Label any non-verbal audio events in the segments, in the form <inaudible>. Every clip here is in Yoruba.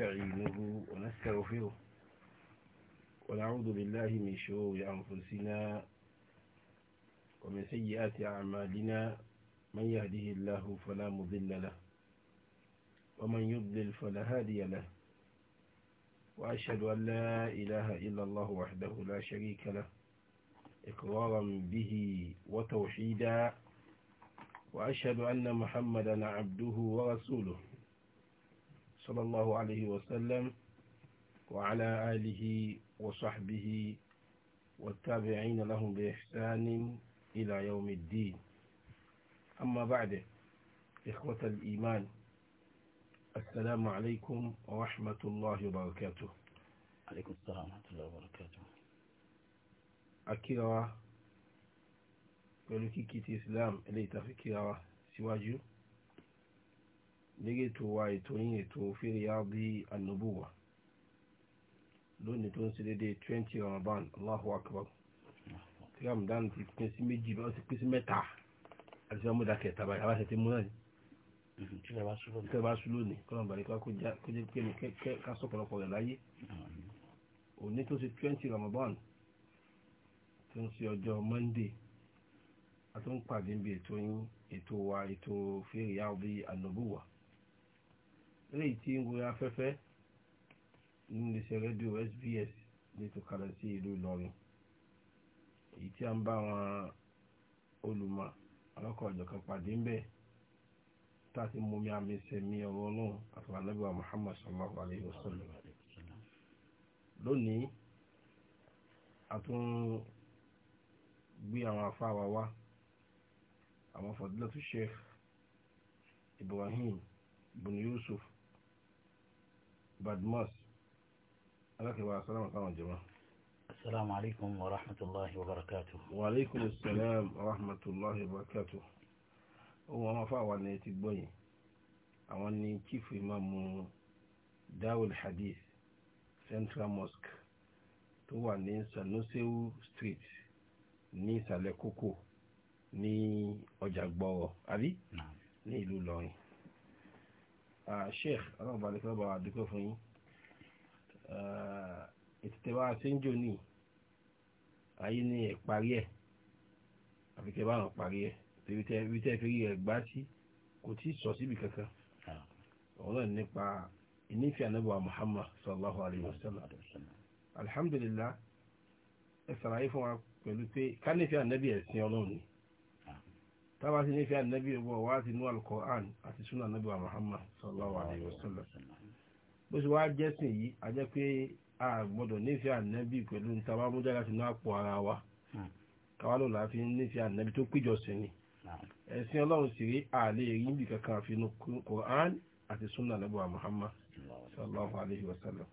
ونستعينه ونستغفره ونعوذ بالله من شرور أنفسنا ومن سيئات أعمالنا من يهده الله فلا مضل له ومن يضلل فلا هادي له وأشهد أن لا إله إلا الله وحده لا شريك له إقرارا به وتوحيدا وأشهد أن محمدا عبده ورسوله صلى الله عليه وسلم وعلى آله وصحبه والتابعين لهم بإحسان إلى يوم الدين أما بعد إخوة الإيمان السلام عليكم ورحمة الله وبركاته عليكم السلام ورحمة الله وبركاته أكيرا pẹ̀lú kíkí إسلام islam eléyìí tàfi nígbè tó wa ètò yín ètò fíríyàbí ànúbùwà lónìí tó ń ṣe déédéé twenty ramadan allahu akbar tí ramadan ti pín sí méjì bá ti pín sí mẹ́ta àti sọ́mú dàkẹ́ tàbá yàrá ṣe ti mú náà ni tí ẹ bá sùn lónìí kọ́nà bàrí kó jẹ́ pé ní ká sọ̀pọ̀lọpọ̀ rẹ̀ láyé òní tó ṣe twenty ramadan tó ń ṣe ọjọ́ monday a tó ń pàdé níbi ètò yín ètò wa ètò fíríyàbí ànúbùwà eléyìí tí ń wo afẹ́fẹ́ nínú iléeṣẹ́ rédíò SBS lẹ́tọ̀ kalẹ̀ sí ìlú Ìlọrin èyí tí a ń bá àwọn olùmọ̀ ọlọ́kọ̀ọ́jọ̀ kan pàdé ń bẹ̀ tá a ti mú mi àmì sẹ́mi ọ̀rọ̀ ọlọ́run àtàwọn anábìwá Muhammad sallallahu alayhi wa sallam lónìí a tún gbé àwọn afáwa wá àwọn fadilatu sheikh Ibrahim bin Yusuf badmus alákẹ́wà sálámà sáwọn jẹ́mọ́. asalaamu alaykum wa rahmatulahi wa barakatu. wa aleykum salaam wa rahmatulahi wa barakatu. ohun àwọn afáwa ni ti gbọ́yìn àwọn ni chief imam dawud hadith central mosque tó wà ní sanusewu street ní ìsàlẹ̀ kókó ní ọjà gbọ́wọ́ àbí ní ìlú lọ́rin Ah, sheikh ọlọ́run balẹ̀ kọ́ bá wa dúpẹ́ fún yín ah, ètùtẹ̀ bá ṣe ń jò ní ayé ní ẹ̀ parí ẹ̀ àfi tẹ́ bá ràn parí ẹ̀ torí tẹ́ ibi tẹ́ fi rí ẹ̀ gbá sí kò tí ì sọ síbi kankan ah. ọ̀rọ̀ náà nípa ìnífẹ̀ẹ́ anábọ̀ Muhammad sallallahu alayhi wa sallam alhamdulillah ẹ sàlàyé fún wa pẹ̀lú pé kánífẹ̀ẹ́ anábì ẹ̀sìn ọlọ́run ni tábà sí nífẹ̀ẹ́ ànábì ẹ̀wọ̀ wá sí inú alukoran àti súnà ànábì wa Muhammad sallallahu alayhi wa sallam bó ṣe wá jẹ́sìn yìí a jẹ́ pé a gbọ́dọ̀ nífẹ̀ẹ́ ànábì pẹ̀lú nítabà mújà láti inú àpò ara wa hmm. káwá ló la fi nífẹ̀ẹ́ ànábì tó péjọ sí ni ẹ̀sìn ọlọ́run sì rí àlè rí níbi kankan àfi inú koran àti súnà ànábì wa Muhammad sallallahu alayhi wa sallam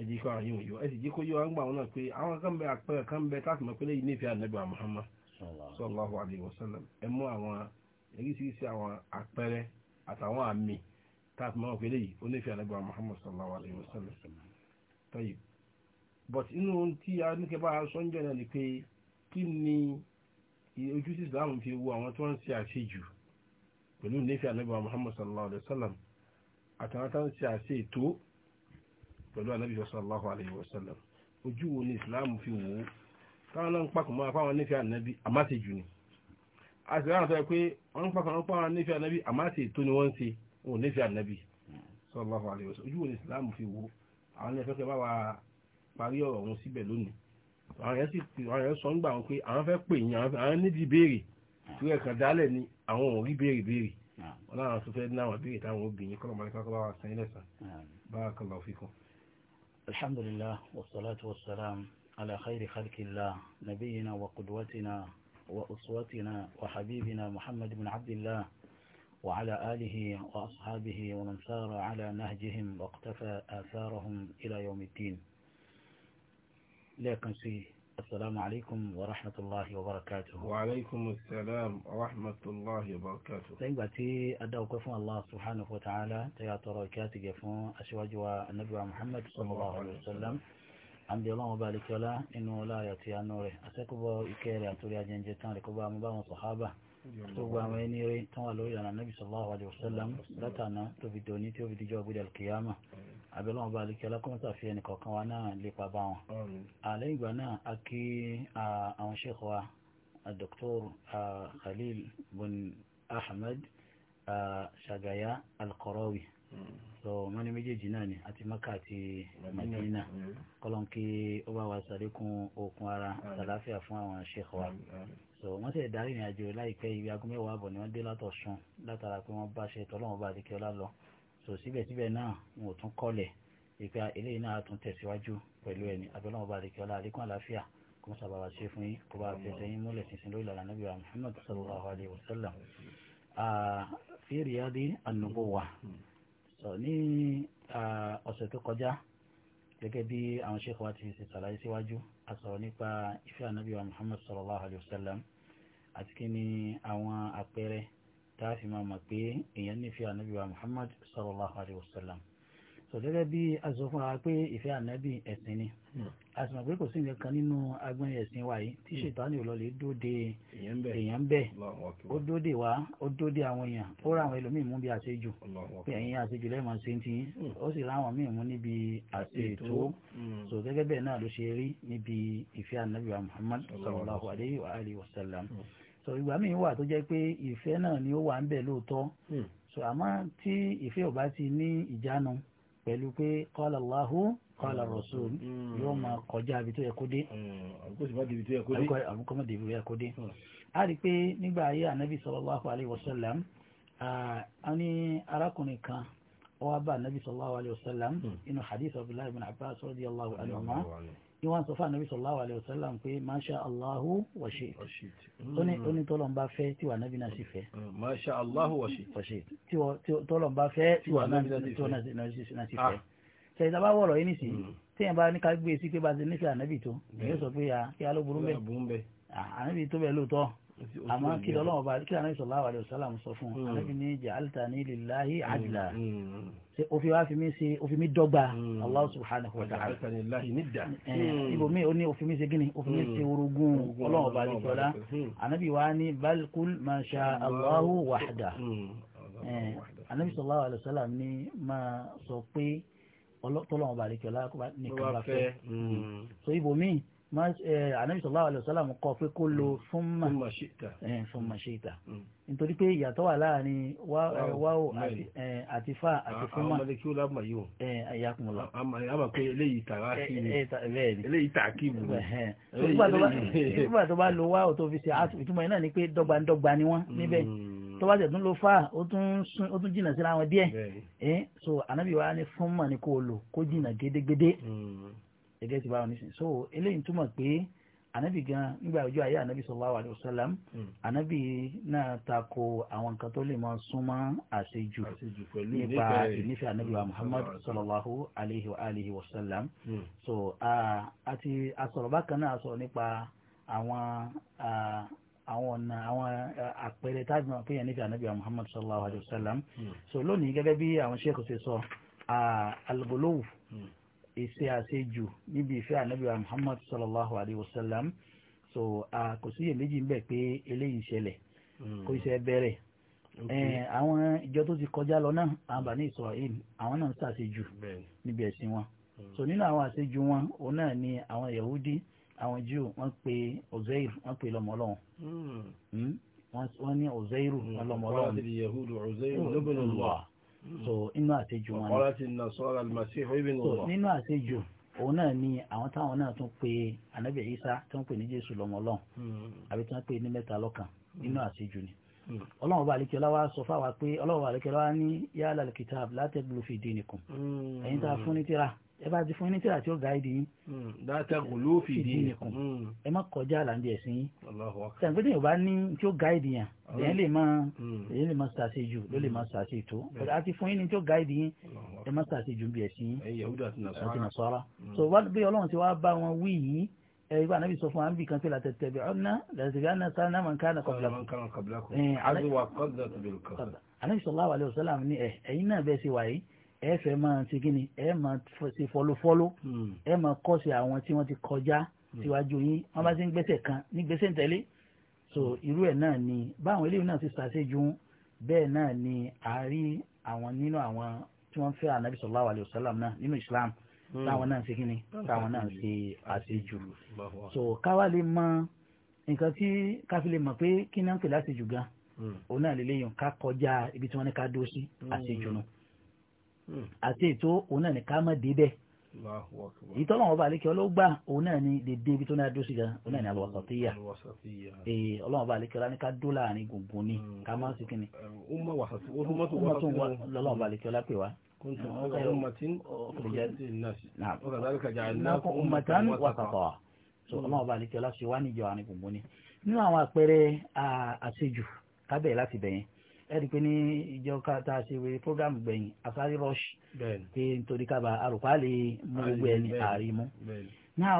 ẹ̀jẹ̀ kọ́ àyìn òyìnbó ẹ̀sìn jíkó yóò wá ń gbà wọn náà pé àwọn kan bẹ àpẹẹrẹ kan bẹ táàtì mọ̀ pé lẹ́yìn nífẹ̀ẹ́ ànábì wa Muhammad sallallahu alayhi wa sallam ẹ mú àwọn eríṣiríṣi àwọn àpẹẹrẹ àtàwọn àmì táàpù máa wọ̀pẹ́ léyìí ó nífẹ̀ẹ́ àlẹ́gbà Muhammad sallallahu alayhi wa sallam tọ́yì but inú tí a ní kẹbà sọ́njọ́ náà ni pé kí ni ojú sí Islam fi wo àwọn tó ń ṣe àṣejù pẹ̀lú nífẹ̀ẹ́ àlẹ́gbà Muhammad sallallahu alayhi wa sallam àtàwọn tó ń ṣe àṣe ètò pẹ̀lú àlẹ́bí sallallahu alayhi wa sallam ojú wo ni Islam fi wò káwọn náà ń pàkó mọ́ra fáwọn nífẹ̀ẹ́ ànábì àmáṣe jù ni a sì ráhùn sọ pé wọ́n ń pàkó mọ́ra fáwọn nífẹ̀ẹ́ àmáṣe tó ni wọ́n ń ṣe wọn ò nífẹ̀ẹ́ ànábì sallallahu alaihi wasallam ojú wo ni Islam fi wo àwọn ẹ̀fẹ́ fẹ́ bá wa parí ọ̀rọ̀ wọn síbẹ̀ lónìí àwọn yẹn sì àwọn yẹn sọ ń gbà wọn pé àwọn fẹ́ pè yín àwọn nídìí béèrè tí wọ́n kàn dálẹ̀ ni àwọn ò rí béèrè béèrè wọn láwọn tó fẹ́ ní àwọn béèrè على خير خلق الله نبينا وقدوتنا وأسوتنا وحبيبنا محمد بن عبد الله وعلى آله وأصحابه ومن سار على نهجهم واقتفى آثارهم إلى يوم الدين لكن سي السلام عليكم ورحمة الله وبركاته وعليكم السلام ورحمة الله وبركاته سيباتي أدعو كفو الله سبحانه وتعالى وكاتي كفو أشواج النبي محمد صلى الله عليه وسلم àǹdí ọlọ́run bá lè kíọ́lá nínú ọláàrẹ àti àánú rẹ̀ àṣẹ́kọ̀bọ̀ ìkẹ́ rẹ̀ àtòrí ajẹ́jẹ́ tán rẹ̀ kó bá wọn bá wọn sọ̀hábà tó gba àwọn ẹni rẹ̀ tán wà lórí ìlànà nàbì sallallahu alaihi wasallam látànà tó fi dòní tí ó fi dijọ́ gbé dàlùkìyàmà àbẹ̀lọ́run bá lè kíọ́lá kó mọ́tà fi ẹnì kọ̀ọ̀kan wa náà lè pa bá wọn. àlẹ́ ìgbà náà a kí àwọn sheikh wa dr Khalil bin Ahmad Shagaya al so wọn ní méjèèjì náà ni àti maka àti madina kọlọ́n kí ó bá wa sàlékún okun ara sàláfíà fún àwọn sheikh wa so wọn sì darí ìrìn àjò láìpẹ́ ibi aago mẹ́wàá àbọ̀ ni wọ́n dé látọ̀sùn látara pé wọ́n bá ṣe tọ́lọ́wọ́n bá àdékẹ́ ọlá lọ so síbẹ̀síbẹ̀ náà wọn ò tún kọ́lẹ̀ ìpè eléyìí náà tún tẹ̀síwájú pẹ̀lú ẹni abẹ́lẹ́wọ̀n bá àdékẹ́ ọlá àlékún àláfíà kò ń sábà wá ṣe fún yín kó bá fẹsẹ̀ yín múlẹ̀ sísìn lórí ìlànà nàbí wa Muhammad sallallahu alayhi sọ ní ọ̀sẹ̀ tó kọjá gẹ́gẹ́ bí àwọn sheikh wa ti ṣe ṣàlàyé síwájú a sọ̀rọ̀ nípa ìfẹ́ ànábì wa muhammad sallallahu alayhi wa sallam àti kí ni àwọn àpẹẹrẹ tá a fi máa mọ̀ pé èèyàn nífẹ̀ẹ́ ànábì muhammad sallallahu alayhi wa sallam sọ gẹ́gẹ́ bí a sọ fún wa pé ìfẹ́ ànábì ẹ̀sìn ni hmm. a sì mọ̀ pé kò sí nǹkan kan nínú agbọ́n ẹ̀sìn wa yìí tí hmm. ṣètánì ìlọlẹ̀ dóde èèyàn bẹ́ẹ̀ ó dóde wá ó dóde àwọn èèyàn ó ra àwọn ẹlòmíì mú bí àṣejù pé ẹ̀yin àṣejù lẹ́ẹ̀mọ́ ṣe ń tí hmm. ó sì ra míì mú níbi àṣetò sọ bẹ́ẹ̀ náà ló ṣe rí níbi ìfẹ́ ànábì wa Muhammad sallallahu alayhi wa alihi wa sallam sọ ìgbà míì wà tó jẹ́ pé ìfẹ́ náà ni ó wà ń bẹ̀ lóòótọ́ sọ àmọ́ tí ìfẹ́ ò bá ti ní ìjánu pẹ̀lú pé qala Allahu qala mm. Rasul mm. yóò máa kọjá ibi tó yẹ kó dé. Mm. àbúkọ́ sì má débi tó yẹ kó dé. àbúkọ́ má débi tó yẹ kó dé. a rí i pé nígbà ayé anabi sallallahu alayhi a ní arákùnrin kan ó bá anabi sallallahu alayhi inú hadith abdullahi bin abbas radiyallahu anhu ni wọ́n sọ fún anabi sallallahu alayhi wa sallam pé masha allahu wa shi oní tọ́lọ̀mbá fẹ́ tí wà nábi náà sì fẹ́ mm, masha allahu wa shi tí tọ́lọ̀mbá fẹ́ tí wà nábi náà sì fẹ́ ah. ṣẹ̀dá bá wọ̀rọ̀ yìí nìsí mm. tí yẹn bá ní ká gbé e sí pé bá ti nífẹ̀ẹ́ anabi tó yóò sọ pé ah, kí a ló burú bẹ́ẹ̀ anabi ah, tó bẹ́ẹ̀ lóòótọ́ àmọ́ kí lọ́lọ́wọ́ bá kí anabi sallallahu alayhi wa sọ fún anabi mm. ní ja'altani lillahi adla òfin wa fi mi ṣe òfin mi dọ́gba hmm. allah subhanahu wa ta'ala eh, hmm. ibòmí ó ní òfin mi ṣe gíní òfin mi ṣe orogún ọlọ́run ọba àdìsọ́lá anabi hmm. wa ni balkul masha allahu wahda anabi eh, sallallahu alayhi wa sallam ni máa sọ pé tọ́lọ́run ọba àdìsọ́lá nìkan bá fẹ́ so ibòmí anabi sallallahu alayhi wa sallam kọ pé kó lo summa hmm. shi'ta hmm. nítorí pé ìyàtọ̀ wà láàrin wáwò hmm. àti fa àti fúnmà. àwọn ọmọdé kí ó lábùmọ̀ yìí o. ẹ̀yà kùn lọ. a máa pe eléyìí tààrà kí ni eléyìí tààrà kí ni. nígbà tó bá lo wáwò tó fi ṣe ìtumọ̀ yìí náà ni pé dọ́gbandọ́gba ni wọ́n níbẹ̀ tó bá tẹ̀tún lo fa ó tún jìnnà síra wọn díẹ̀ so anabi wa ni fúnmà ni kó lo kó jìnnà gédégédé gẹ́gẹ́ ti báwọn nísìnyí so eléyìí túmọ̀ pé anabi gan nígbà ọjọ́ ayé anabi sallallahu alaihi wasallam anabi hmm. náà tako àwọn nǹkan tó lè máa súnmọ́ àṣejù nípa ìnífẹ̀ẹ́ anabi wa muhammad sallallahu alaihi wa alihi wasallam hmm. so àti asọ̀rọ̀ bákan náà sọ̀rọ̀ nípa àwọn àwọn ọ̀nà àwọn àpẹẹrẹ táàgbọ̀n àpéyàn nífẹ̀ẹ́ anabi wa muhammad sallallahu alaihi wasallam hmm. so lónìí gẹ́gẹ́ bí àwọn sheikh ṣe sọ alugolowu ìṣe àṣejù níbi ìfẹ́ ànábì muhammad sallallahu alayhi wa sallam so kò sí iyèméjì ń bẹ pé eléyìí ṣẹlẹ̀ hmm. kò ṣe bẹ̀rẹ̀ àwọn ìjọ tó ti kọjá lọ náà àwọn bàní israel àwọn náà ń ṣàṣejù níbi ẹ̀sìn wọn hmm. so nínú àwọn àṣejù wọn òun náà ni àwọn yahudi àwọn jew wọ́n pe ozeir wọ́n pe lọ́mọ Ọlọ́run hmm. wọ́n ní ozeiru wọ́n lọ́mọ Ọlọ́run so inú àṣejù wọn. ọ̀rọ̀ ti nà sọ́ra masihu ibn Allah. nínú àṣejù òun náà ni àwọn táwọn náà tún pe anabi isa tí wọ́n ní jésù lọ́mọ ọlọ́run hmm. àbí tí wọ́n ní mẹ́ta lọ́kan hmm. nínú àṣejù ni. Hmm. ọlọ́run ọba àlekẹ́lá wa sọ fáwa pé ọlọ́run ọba àlekẹ́lá wa ní yálà kitab látẹ̀gbọ́n fi dín nìkan ẹ̀yin tá a fún ní tíra ẹ bá ti fún yín ní tíra tí ó ga ìdí yín. Hmm, dáta kò ló fi ìdí yín kùn. ẹ má kọjá àlàndì ẹ̀sìn yín. sàǹgbé tí yóò bá ní tí ó ga ìdí yàn èyàn lè máa hmm. èyàn lè máa ṣàṣe jù ló lè máa ṣàṣe tó a ti fún yín ní tí ó ga ìdí yín ẹ má ṣàṣe jù bí ẹ̀sìn yín àti nàṣọ́ra. Hmm. so wá bí ọlọ́run ti wá bá wọn wí yìí ẹ ibà nàbì sọ fún wa nbí kan pé làtẹ̀tẹ̀ bẹ̀ ọ̀nà làtẹ̀tẹ̀ ọ̀nà sáré náà máa ń ká nà ẹ fẹ́ máa ṣe kí ni ẹ máa ṣe fọlọ́fọlọ́ hmm. ẹ máa kọ́ sí àwọn tí wọ́n ti kọjá hmm. síwájú yín wọ́n bá ti ń gbẹ́sẹ̀ kan ní gbẹ́sẹ̀ ń tẹ̀lé so hmm. irú ẹ̀ náà ni báwọn eléyìí náà ti ṣàṣejù bẹ́ẹ̀ náà ni àárí àwọn nínú àwọn tí wọ́n fẹ́ ànábì sallallahu alaihi wasallam náà nínú Islam táwọn náà ṣe kí ni táwọn náà ṣe àṣejù so káwá lè mọ nǹkan tí káfí lè mọ̀ pé kí náà ń pè láṣejù gan òun náà lè léyìn ká kọjá ibi tí wọ́n ní ká dó sí àṣejù náà àti ètò òun náà ní ká má dé bẹ́ẹ̀ ìtọ́nà ọba àlekẹ́ ọlọ́gbà òun náà ni dédé ibi tó náà dó sí gan òun náà ni alwasatiyya ee ọlọ́run ọba àlekẹ́ ọlá ní ká dó láàrin gbùngbùn ni mm. ká má sí kínni. ó mọ wàsàtí ó tún wá lọ́lọ́run ọba àlekẹ́ ọlá pè wá. kuntum ummatin ukhrijat linnas wa kadhalika ja'alnakum ummatan wasata. so mm. ọlọ́run ọba àlekẹ́ ọlá ṣe wá níjọ àárín gbùngbùn ni. nínú àwọn àpẹẹrẹ àṣejù kábẹ̀ láti bẹ̀yẹn ẹ̀rí pé ní ìjọ tá a ṣe wé program gbẹ̀yìn asáré rush pé nítorí kábà àròpá lè mú gbogbo ẹni ààrí mú. náà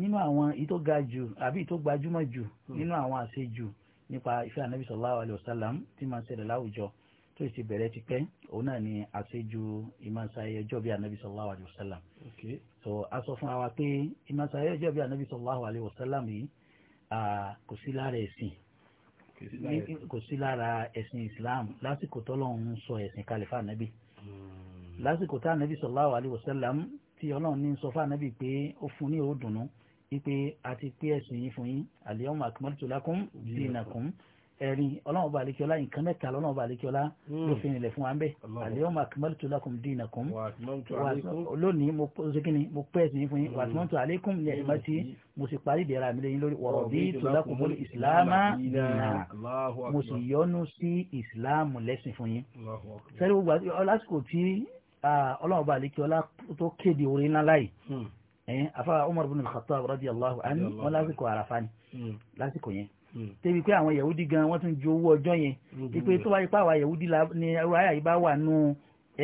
nínú àwọn ìtò ga jù àbí ìtò gbajúmọ̀ jù hmm. nínú àwọn àṣejù nípa ìfẹ́ ànábì sallallahu alaihi wasallam tí máa ń ṣẹlẹ̀ láwùjọ tó ti bẹ̀rẹ̀ ti pẹ́ òun náà ni àṣejù ìmọ̀sáyé ọjọ́ bíi ànábì sallallahu alaihi wasallam. so a sọ fún wa pé ìmọ̀sáyé ọjọ́ bíi ànábì sallallahu alaihi wasallam yìí kò sí lára ẹ̀sìn kò sí lára ẹ̀sìn islam lásìkò tọ́lọ́run sọ ẹ̀sìn kalifa nabi hmm. lásìkò tá nabi sallallahu alayhi wa sallam tí ọlọ́run ní sọ fún nabi pé ó fún ní òdùnnú wípé a ti pé ẹ̀sìn yín fún yín al-yawma akmaltu lakum dinakum ẹ̀rí ọlọ́run bá àlekíọ́lá nǹkan mẹ́ta lọ́nà bá àlekíọ́lá ló fi rìnlẹ̀ fún wa ń bẹ̀ al-yawma akmaltu lakum dinakum lónìí mo ṣégini mo pẹ́ ẹ̀sìn fún yín wa hmm. atmamtu alaykum ni'mati mo sì parí ìdẹ̀ra mi lẹ́yìn lórí wa raditu lakumul ìsìláàmà náà mo sì yọ́nú sí ìsìláàmù lẹ́sìn fún yín. sẹ́rí gbogbo lásìkò tí ọlọ́run bá àlekíọ́lá tó kéde orí ńlá láì afa hmm. Umar ibn al radiyallahu anhu wọn lásìkò àràfà ni hmm. lásìkò yẹn Hmm. débi pé àwọn yahudi gan wọ́n tún ju owó ọjọ́ yẹn hmm. dípé tó wáyé pàwọ́ yahudi ni ayà yìí bá wà nù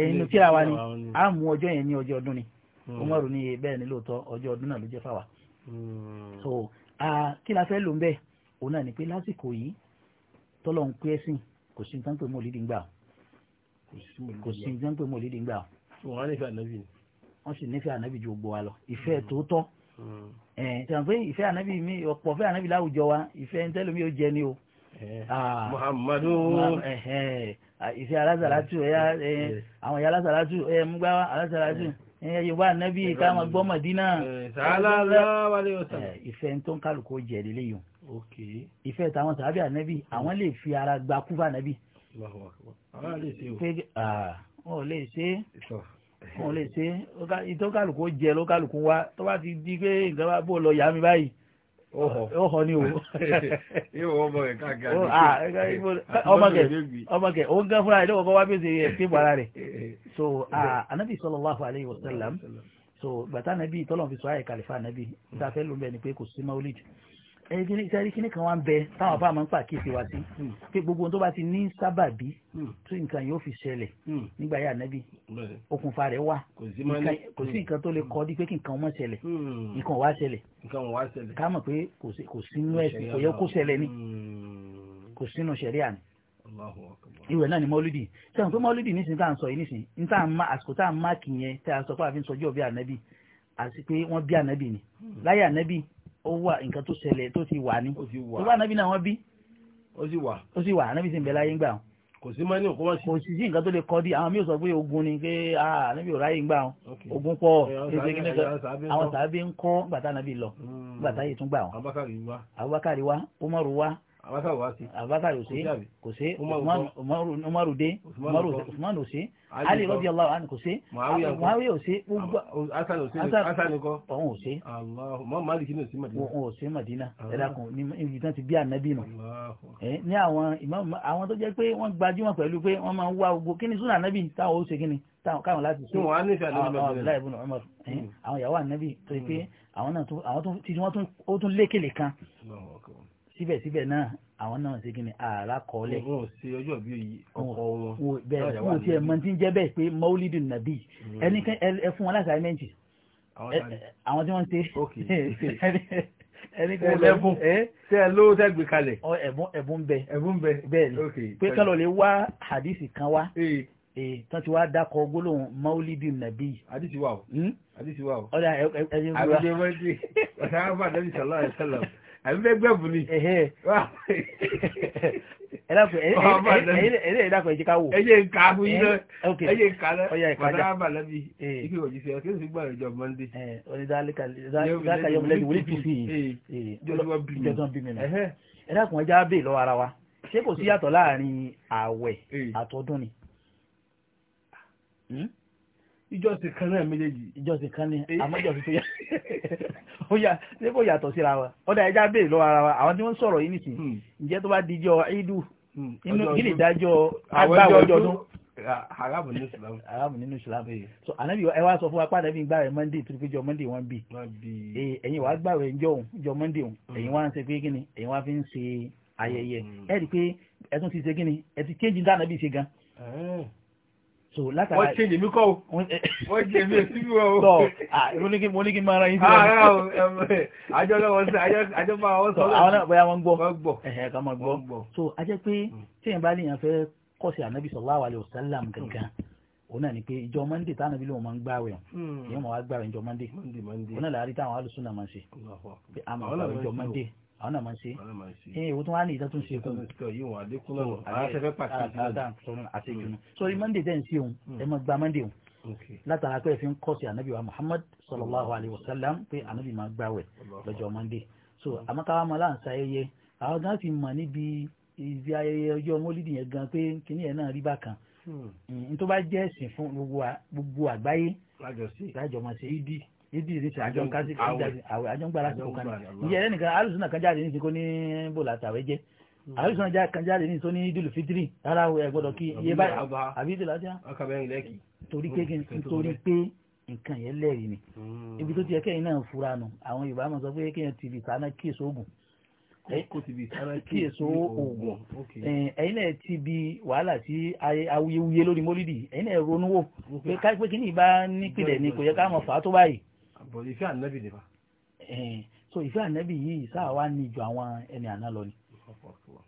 ẹnu kíra wa ni a mú ọjọ́ yẹn ní ọjọ́ ọdún ni hmm. Umaru ní bẹ́ẹ̀ ni lóòótọ́ ọjọ́ ọdún náà ló jẹ́ fáwa. so kí la fẹ́ lò ń bẹ́ẹ̀ òun náà ni pé lásìkò yìí tọ́lọ̀ ń pé ẹ̀sìn kò sí nǹkan pé mọ̀lídìí ń gbà kò sí nǹkan pé mọ̀lídìí ń gbà. wọ́n sì nífẹ̀ẹ́ ànábì ju gbogbo wa lọ ìfẹ́ tòótọ́ ẹ sàn pé ìfẹ́ ànábì mi ọ̀pọ̀ fẹ́ ànábì láwùjọ wa ìfẹ́ ń tẹ́lẹ̀ mi ò jẹ ni o. Ah. muhammadu ah, ìfẹ́ alásàlátù ẹ̀yà àwọn ẹ̀yà alásàlátù ẹ̀ múgbà alásàlátù ẹ̀yà yorùbá ànábì káwọn gbọ́ mọ̀dínà. ìfẹ́ ń tó ń kálukú jẹ lélẹ́yìn o. ìfẹ́ táwọn sàbí ànábì àwọn lè fi ara gba kúfà ànábì. wọn ah, ò lè ṣe o. wọn ò lè ṣe wọn lè ṣe ìtọ́kàlùkù jẹ lọ́kàlùkù wa tó bá ti di pé nǹkan bá bò lọ yá mi báyìí ó họ ni o. <laughs> yóò ọmọ rẹ káàkiri. ọmọ kẹ ó ń gán fúnra rẹ lọ́wọ́ kọ́ wá bí ó ṣe yẹ ṣé bọ̀ ara rẹ̀. <laughs> so anabi sallallahu alayhi wa sallam so gbàtà nàbí tọ́lọ̀ fi sọ ayé kàlífà nàbí tá a fẹ́ lóun bẹ́ẹ̀ ni pé kò sí maulid ẹni ìṣẹ́rí kíní kan wá ń bẹ táwọn afáàmọ́ ń pàkíyèsí wa sí hmm, pé gbogbo tó bá ti ní sábàbí hmm. tó nǹkan yóò fi ṣẹlẹ̀ hmm. nígbà yà nẹ́bí okùnfà rẹ̀ wà kò sí nǹkan tó lè kọ́ di pé kí nǹkan má ṣẹlẹ̀ nǹkan wá ṣẹlẹ̀ ká mọ̀ pé kò sínú ẹ̀sìn kò yẹ kó ṣẹlẹ̀ ni kò sínú ṣẹ̀ríà ni ìwẹ̀ náà ni mọ́lúdì sẹ́wọ̀n pé mọ́lúdì nísìnyí tá à ń sọ yìí nísìnyí ní tá à ń má àsìkò tá à ń má kìyẹn tá à ń sọ pé ó wà nǹkan tó ṣẹlẹ̀ tó ti wà ní tó bá nàbí náà wọ́n bí ó sì wà ó sì wà ànábì sì ń bẹ láyé ńgbà wọn. kò sí mọ́ ní òkú wọn sí. kò sí sí nǹkan tó lè kọ́ di àwọn mi ò sọ pé ogun ni pé ànábì ò ráyè ńgbà ogun pọ̀ àwọn sàbẹ̀ ń kọ́ gbàtà nàbí lọ hmm. gbàtà yìí tún gbà wọn. Abubakar wa Umaru wa abasa ò wá sí abasa ò sí kò sí umaru dé umaru usman ò sí ali rọ́bì allah ani kò sí muawiya ò sí gbogbo asan ò sí asan ò kọ́ ọ̀hún ò sí mọ́mọ́lì kí ni ò sí madina ọ̀hún ò sí madina ẹ̀dá kan ní ibi tán ti bí anabi nù ní àwọn àwọn tó jẹ́ pé wọ́n gbajúmọ̀ pẹ̀lú pé wọ́n máa ń wá gbogbo kí ni sunna anabi táwọn ó ṣe kí ni káwọn láti ṣe hmm. àwọn ìyàwó anabi tó yẹ pé hmm. àwọn náà tó tún lékele kan síbẹ̀síbẹ̀ náà àwọn náà ṣe kíni ààrá kọ́lẹ̀. wọn ò ṣe ọjọ́ bí ọkọ wọn. bẹ́ẹ̀ wọn ti ẹ̀ mọ ti ń jẹ́ bẹ́ẹ̀ pé mọ́wúlídù nàbí mm. ẹni ẹ fún wọn láti àìmẹ́ǹtì àwọn tí wọ́n ń ṣe <laughs> ẹni kò lẹ́bùn tẹ́ ló tẹ́gbẹ̀ kalẹ̀. ẹ̀bùn ẹ̀bùn bẹ. ẹ̀bùn bẹ bẹ́ẹ̀ ni pé kálọ̀ lè wá hadisi kan wá tán ti wá dákọ̀ gbólóhùn maulidi nabi. hadisi wa o hmm? hadisi wa o. ọ̀dà ẹ̀yẹ́ wúra. àbújá wọ́n ti <laughs> ọ̀sán àbá nàbí sallallahu alaihi wasallam àbíbẹ́gbẹ̀bù ni. ẹ̀dá ẹ̀dá kan ẹ̀jẹ̀ ká wò. ẹ̀jẹ̀ ń ka fún yín náà ẹ̀jẹ̀ ń ka náà pàtàkì bàlábì ikú ìwọ̀jì sí ọ̀kẹ́ sí fi jọjọ́ bí mi nà. ẹ̀dá ṣé kò sí yàtọ̀ láàrin ààwẹ̀ àtọdún ni. ìjọsìn kan náà méjèèjì. ìjọsìn kan ní eh. àmọ́jọ́sìn tó yà <laughs> ó yà ṣé kò yàtọ̀ síra wa ọ̀dà ẹja béèrè lọ́wọ́ ara wa àwọn tí wọ́n sọ̀rọ̀ yìí nìsín hmm. ǹjẹ́ tó bá dijọ́ idu hmm. inú kí ni ìdájọ́ agbáwọ̀ ọjọ́ ọdún. haramu nínú islam. nínú eh. islam so anabi ẹ wá sọ fún wa pàdé mi gbà rẹ monday tó fi jọ monday eh, monday òun i pé ẹ tún so látara wọ́n ṣe lèmi kọ́ wọ́n ṣe lèmi sí mi wọ́n. tọ́ mo ní kí n máa ra yín sí ẹ. Ah, oh, àjọ lọ́wọ́ sí àjọ máa wọ́n sọ. àwọn náà bóyá wọ́n gbọ́ wọ́n gbọ́ ẹ̀hẹ̀ ká máa gbọ́. so a jẹ́ pé hmm. téèyàn bá léèyàn fẹ́ kọ́ sí anabi sallallahu alaihi wasallam gangan òun náà ni pé ìjọ mọ́ndé táwọn ibi lóun máa ń gbààwẹ̀ ìyẹn hmm. máa wá gbààwẹ̀ ìjọ mọ́ndé òun náà láàárín táwọn alùsùn náà máa ń ṣe àmọ́ ìjọ mọ́ndé àwọn náà máa ń ṣe é ewu tó wá ní ìdá tó ń ṣe fún un àti ìjùnú hmm. sórí monday tẹ́ ń ṣe òun hmm. ẹ máa gba monday òun látara pé fi ń kọ́ sí anabi wa muhammad sallallahu alayhi wa sallam pé anabi máa gbàwẹ̀ lọ́jọ́ monday so hmm. àmọ́káwá máa láǹ sáyẹyẹ àwọn gan fi mọ̀ níbi ibi ayẹyẹ ọjọ́ mólídì yẹn gan pé kíní yẹn náà rí bákan n tó bá jẹ́ ẹ̀sìn fún gbogbo àgbáyé lájọ máa ṣe é ibi ìrìnsì àjọ ń kásí kan jáde àwẹ àjọ ń gbára sí kan ìyá ẹlẹ́ni kan alùsùnà kan jáde níṣẹ́ kó ní bòlá àtàwẹ́ jẹ́ alùsùnà kan jáde níṣẹ́ ní ìdílù fitiri rárá o ẹ gbọ́dọ̀ kí iye báyìí àbí ìdílù àti torí pé nítorí pé nǹkan yẹn lẹ́rìí ni hmm. ibi tó ti yẹ kẹ́yìn náà fura nù àwọn Yorùbá máa sọ pé kéèyàn ti bì sáná kí èso oògùn kí èso oògùn ẹ̀yin náà ti bi wàhálà sí awuyewuye lórí mólídì ẹ̀yin náà ronú wò pé kí ni ìbá nípìnlẹ̀ ni kò yẹ ká mọ̀ fà á tó báyìí bọ̀dọ̀ ìfẹ́ ànábì nípa. so ìfẹ́ ànábì yìí sáà wá ní ju àwọn ẹni àná lọ ni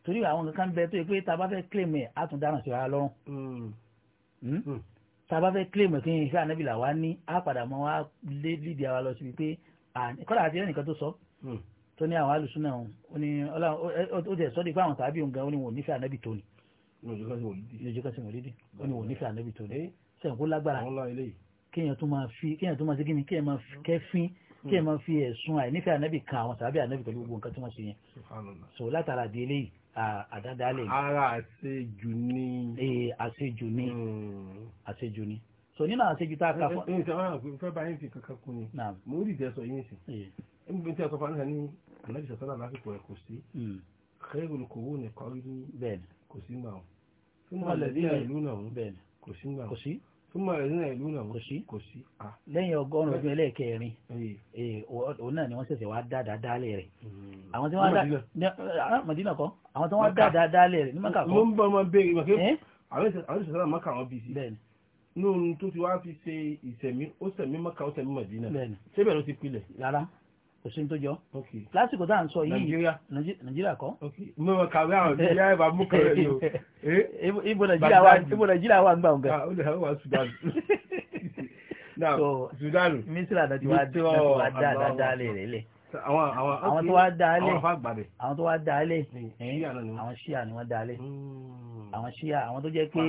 torí àwọn kankan bẹ tó yẹ pé tá a bá fẹ́ claim ẹ̀ á tún dáràn sí ara lọ́rùn hmm. hmm? tá a bá fẹ́ claim ẹ̀ kí ìfẹ́ ànábì là wá ní á padà mọ́ wá lídìí àwa lọ síbi pé kọ́lá àti ẹnìkan tó sọ hmm. tó ní àwọn alùsùnà ó ní ó jẹ́ sọ́dí pé àwọn tàbí òun gan ó ní wọn ò nífẹ̀ẹ́ ànábì tó ni lójú kásìmọ̀ lídìí ní wọn kéèyàn tó máa fi kéèyàn tó máa ṣe kí ni kéèyàn máa hmm. kẹ́fín hmm. kéèyàn máa fi ẹ̀sùn àìnífẹ́ ànábì kan àwọn tàbí ànábì pẹ̀lú gbogbo nǹkan tí wọ́n ṣe yẹn so látara di eléyìí àdádálẹ̀. ara àṣejù ni. ee àṣejù ni hmm. àṣejù ni so nínú àṣejù tá a kà fún. ẹ ẹ ṣe àwọn àgbẹ̀ fẹ́ bá yín fi kankan kun ni mo rí ìjẹ́ sọ yín sí ẹ mi tí a sọ fún àná ní ànábì sọ̀tàn náà lásìkò ẹ̀ kò sí khairul quruni qarni kò sí màá fún màá lẹ́yìn ìlú náà kò sí màá túmọ̀ rẹ̀ nínú ìlú náà kò sí kò ah. sí. lẹ́yìn ọgọ́rùn-ún ọdún ẹlẹ́ẹ̀kẹrin eh, òun náà ni wọ́n ṣẹ̀ṣẹ̀ wá dáadáa dálẹ̀ rẹ̀ hmm. àwọn tí wọ́n dá ah, Mádínà kọ́ àwọn tí wọ́n dáadáa dálẹ̀ rẹ̀ ní Mákà kọ́. ló ń bọ́ ọmọ bẹ́ẹ̀ ìgbà pé eh? àwọn ìṣẹ̀ṣẹ̀ náà Mákà wọn bì sí nínú tó ti wá fi ṣe ìṣẹ̀mí ó ṣẹ̀mí Mákà ó ṣẹ̀mí Mádínà ṣé bẹ́ẹ̀ ló ti pilẹ̀. rárá kò sí tó jọ lásìkò tá à ń sọ yìí nàìjíríà kọ́. mo kàwé àwọn nàìjíríà ìbá mú kọrẹ ni o. <laughs> Eh? ibo nàìjíríà wà ń gbà nǹkan. Ah, ó lè sáré wà Sudan. <laughs> so Sudan misira àti wà dá dá lè rè lè. àwọn tó wá dá lè eh, àwọn tó wá dá lè àwọn ṣíà ni wọ́n dá lè àwọn ṣíà àwọn tó jẹ́ pé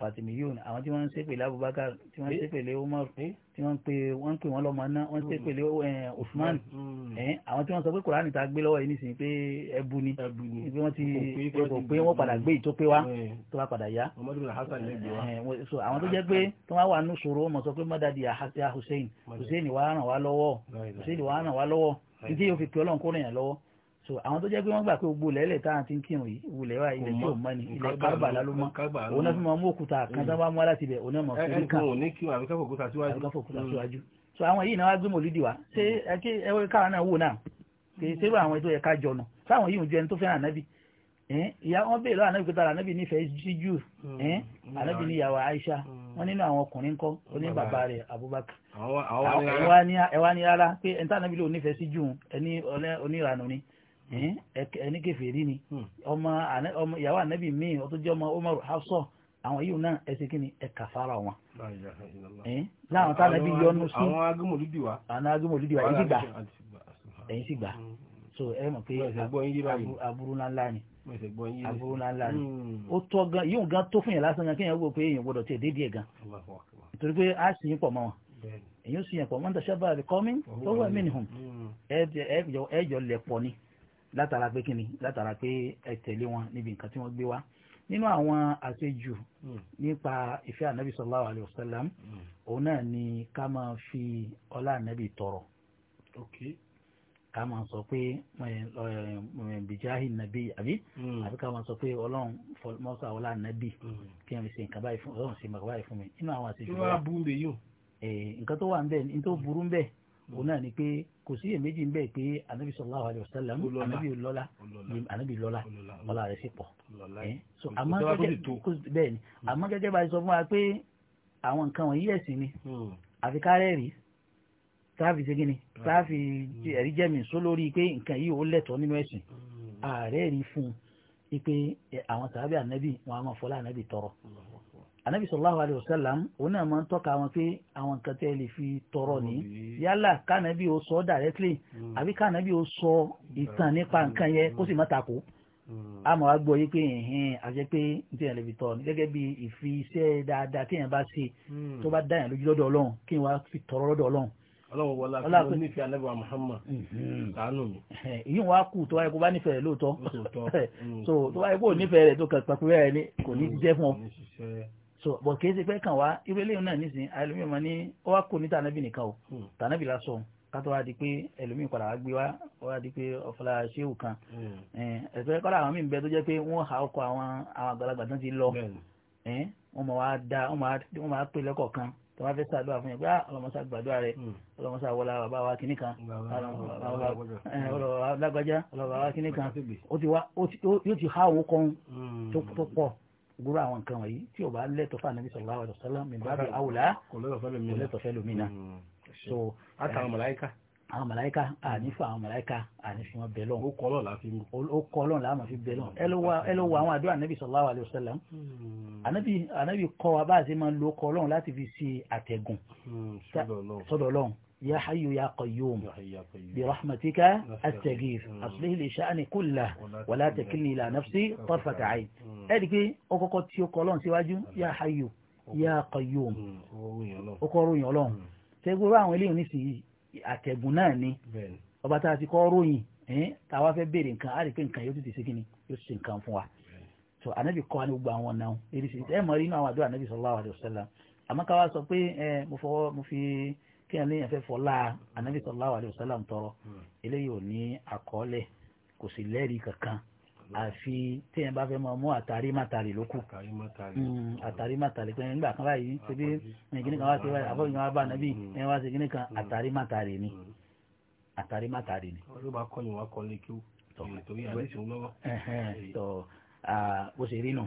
fatimiyun àwọn tí wọ́n ń ṣépè lábúbákà tí wọ́n ń ṣépè lé umar eh? tí wọ́n ń pè wọ́n ń pè wọ́n lọ́mọ náà wọ́n ń ṣépè lé eh, usman mm. eh, àwọn tí wọ́n sọ pé kùránì ta gbé lọ́wọ́ yìí nísìnyí pé ẹbu ni pé wọ́n ti kò pé wọ́n padà gbé ìtó pé wá tó bá padà yá àwọn tó jẹ́ pé ah. tó wá wà ní ṣòro mọ̀ sọ pé mọ́dàdì ya hussein hussein wàá ràn wá lọ́wọ́ hussein wàá ràn wá lọ́wọ́ so àwọn tó jẹ́ pé wọ́n gbà pé gbogbo lẹ́lẹ̀ tá à ń ti ń kírun yìí wulẹ̀ wa ilẹ̀ tí ò mọ́ ni ilẹ̀ kábàlá ló mọ́ òun náà fi máa mú òkúta kan tó bá mú aláti bẹ̀ òun náà mọ̀ fún kan àbíkáfò òkúta mm. síwájú so àwọn yìí náà wá gbé mòlídìí mm. wa ṣé ẹ káwọn náà wò náà kì í ṣerú àwọn ètò ẹ̀ka jọ̀nà sáwọn yìí ń ju ẹni tó fẹ́ràn ànábì ìyá wọn bèèrè lọ́wọ́ ànábì pé tara ànábì nífẹ̀ẹ́ sí jù mm. ànábì ní ìyàwó Aisha wọn nínú àwọn ọkùnrin kọ́ oní bàbá rẹ̀ Abubakar ẹwà ní rárá pé ẹni tá ànábì nífẹ̀ẹ́ sí jù ẹni oníranú ni ẹni kẹfìrí ni hmm. ọmọ ìyàwó ànábì míì ọtún jẹ́ ọmọ Umaru Hafsọ àwọn yìí náà kí ni wọn. láwọn tá yọnu sí àwọn àwọn sì gbà sì hmm. so ẹ pé aburú hmm. gan gan tó fún yẹn lásán gan kéèyàn wò pé gan nítorí pé a sì ń pọ̀ mọ́ wọn èèyàn sì yàn pọ̀ mọ́ ń tàṣà bá rẹ̀ kọ́mí látara pé kíni látara pé ẹ tẹ̀lé wọn níbi nǹkan tí wọ́n gbé wá nínú àwọn àṣejù hmm. nípa ìfẹ́ ànábì sallallahu alayhi wa sallam hmm. òun náà ni ká máa fi ọlá ànábì tọrọ ká máa sọ pé eh, eh, bìjáhì nàbí àbí hmm. àbí ká máa sọ pé ọlọ́run mọ́sá ọlá ànábì kí n ṣe nǹkan báyìí fún ọlọ́run ṣe nǹkan báyìí fún mi nínú àwọn àṣejù wa. Eh, nǹkan tó wà ń bẹ̀ ní tó burú ń bẹ̀ òun náà ni pé kò sí èméjì ń bẹ̀ pé anabi sallallahu alayhi wa sallam anabi lọ́la anabi lọ́la ọlá rẹ̀ sì pọ̀ so àmọ́ gẹ́gẹ́ bẹ́ẹ̀ ni hmm. àmọ́ gẹ́gẹ́ bá a sọ fún wa pé àwọn nǹkan wọ̀nyí ẹ̀sìn ni hmm. àfi kárẹ́ rí táàfì segin ni táàfì hmm. ẹ̀rí jẹ́mi só lórí pé nǹkan yìí ó lẹ́tọ̀ọ́ nínú ẹ̀sìn ààrẹ rí fún un pé àwọn sàábẹ̀ ànábì wọn a máa fọlá ànábì tọrọ anabi sallallahu alayhi wa sallam òun náà máa ń tọ́ka wọn pé àwọn nǹkan tẹ́ lè fi tọrọ ní yálà káànábì ó sọ directly hmm. àbí káànábì ó sọ ìtàn hmm. nípa nǹkan yẹn kó sì má takò hmm. a máa wá gbọ́ yí pé ẹ̀hìn àti pé nítorí ẹ̀ lè fi tọ́ ni gẹ́gẹ́ bí ìfi iṣẹ́ dáadáa kéèyàn bá ṣe tó bá dáyàn lójú lọ́dọ̀ ọlọ́run kéèyàn wá fi tọrọ lọ́dọ̀ ọlọ́run. ọlọ́run wọlá kí ló nífẹ̀ẹ́ alẹ́ wa kù tó wáyé kó bá nífẹ̀ẹ́ rẹ̀ lóòótọ́ <laughs> tó wáyé kó nífẹ̀ẹ́ rẹ̀ tó kàn pàpẹ́ rẹ̀ ni kò ní jẹ́ fún ọ so bọ̀ kì í ṣe pé kàn wá irú eléyìí náà nísìnyí ẹlòmíì máa ní ó wá kó ní tànàbì nìkan o hmm. tànàbì lásán kátó wá di pé ẹlòmíì padà wá gbé wá ó wá di pé ọ̀fọlá ṣéwù kan hmm. ẹ̀fẹ́ kọ́lá àwọn míì bẹ tó jẹ́ pé wọ́n ha ọkọ̀ àwọn àwọn àgbàlagbà tán ti lọ wọ́n máa wá da wọ́n máa pè lẹ́kọ̀ọ́ kan tó wá fẹ́ sàdúrà fún yẹn pé ah, ọlọ́mọṣà gbàdúrà rẹ hmm. ọlọ́mọṣà wọlá bàbá wa kìnnì kan ọlọ́mọṣà lágbájá eh, ọlọ́mọṣà wa kìnnì kan yóò ti há òun kan tó pọ̀ gbúrú àwọn nǹkan wọ̀nyí tí ò bá lẹ́tọ̀ fún anabi sallallahu alaihi wasallam min babi awla kò lẹ́tọ̀ fẹ́ lómìnà. so àtàwọn eh, màláíkà àwọn màláíkà àní mm. fún àwọn màláíkà àní fún wọn bẹ́ẹ̀ lọ́n. ó kọ́ lọ́n láàfin. ó kọ́ lọ́n láàmà fi bẹ́ẹ̀ lọ́n. Mm. ẹ ló wo àwọn àdúrà anabi sallallahu alaihi wasallam. anabi mm. kọ́ wa bá a ṣe máa lo kọ́ lọ́n láti fi ṣe àtẹ̀gùn sọ́dọ̀ lọ́n. يا حي يا قيوم برحمتك أستغيث أصلح لي شأني كله ولا تكلني إلى نفسي طرفة عين أديك أكوكو تيو كولون سواجو يا حي يا قيوم أكورو يولون تقول راهم إليه نسي أتبناني وبتاتي كوروين tàwa fẹ́ béèrè nǹkan á rí pé nǹkan yóò ti ṣe kíni yóò ti ṣe nǹkan fún wa so anabi kọ́ wa ní gbogbo àwọn náà eré sí ẹ mọ̀ rí inú àwọn àdúrà anabi sallallahu alaihi wasallam àmọ́ ká wá sọ pé ẹ mo fọwọ́ mo fi kí ẹni yẹn fẹ́ fọlá anabi sallallahu alayhi wa sallam tọrọ eléyìí ò ní àkọọ́lẹ̀ kò sì lẹ́rìí kankan àfi téèyàn bá fẹ́ máa mú àtàrí màtàrí ló kù hmm, àtàrí màtàrí pé nígbà kan báyìí ṣebí kíní kan wá sí báyìí àbọ̀yìn wá bá nàbí hmm. ẹni wá sí kíní kan hmm. àtàrí màtàrí ni àtàrí màtàrí ni. ọlọ́ bá kọ́ yín wá kọ́ lé kí ó torí àdéhùn lọ́wọ́. tọ bó ṣe rí nù.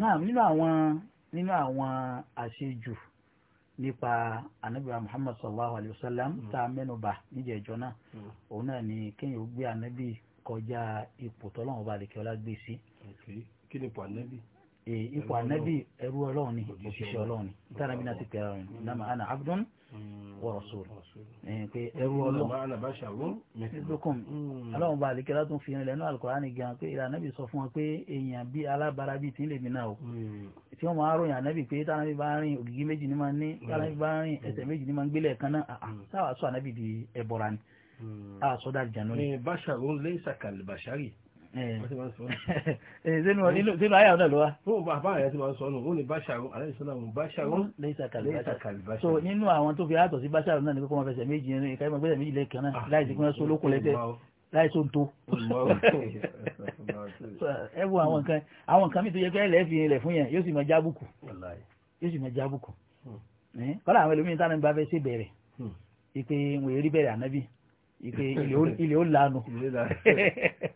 náà nínú àwọn nínú àwọn àṣejù nípa anabi muhammad sallallahu alayhi wa sallam mm. tá a mẹ́nuba níjẹ̀jọ́ náà mm. òun náà ni kéèyàn gbé anabi kọjá ipò tọ́lọ́wọ́n bá àdìkẹ́ ọlá gbé sí. kí ni ipò anabi. Eh, ipò anabi ẹrú ọlọ́run ni òṣìṣẹ́ ọlọ́run ni tí anabi náà ti pẹ̀lú ọ̀run ní àmà ana abdun. Mm. wa rasuluhu pé ẹrú ọlọ́run lókùn mm. ọlọ́run bá àlekẹ́lá tún fi hàn lẹ́nu Al-Qur'ani gan pé ìlànà bí sọ fún wọn pé èèyàn bí alábàárà bíi tí ń lè mí náà o mm. tí wọ́n máa ròyìn ànábì pé tánábì bá rìn ògìgí méjì ní máa ní tánábì bá rìn ẹsẹ̀ méjì ní máa ń gbélé ẹ̀kan náà ah, ah. táwa sọ ànábì di ẹ̀bọ̀ra ni àsọdá ìjànú ni. bàṣà ló ń lé ìsàkàlì bàṣà rì Eh. <laughs> Eh, sínú ayé àwọn náà ló wá. fún bàbá rẹ̀ ti máa sọ nù ó ní báṣàrún aláìsí sọ́nà òun báṣàrún lẹ́sàkàlùbáṣà. so nínú àwọn tó fi àtọ̀ sí báṣàrún náà ni pé kó fẹsẹ̀ méjì nínú ìka ìmọ̀ gbẹ́sẹ̀ méjì lẹ́ẹ̀kan náà ah, láì sí pé wọ́n lẹ́tẹ̀ láì so tó. <laughs> ẹ wo àwọn nǹkan àwọn nǹkan mi tó yẹ kẹ́lẹ́ fi ilẹ̀ fún yẹn yóò sì máa jábùkù yóò sì máa jábùkù hmm. eh, kọ́lá àwọn ẹlòmíràn ìpè ilé ó lanu. <laughs>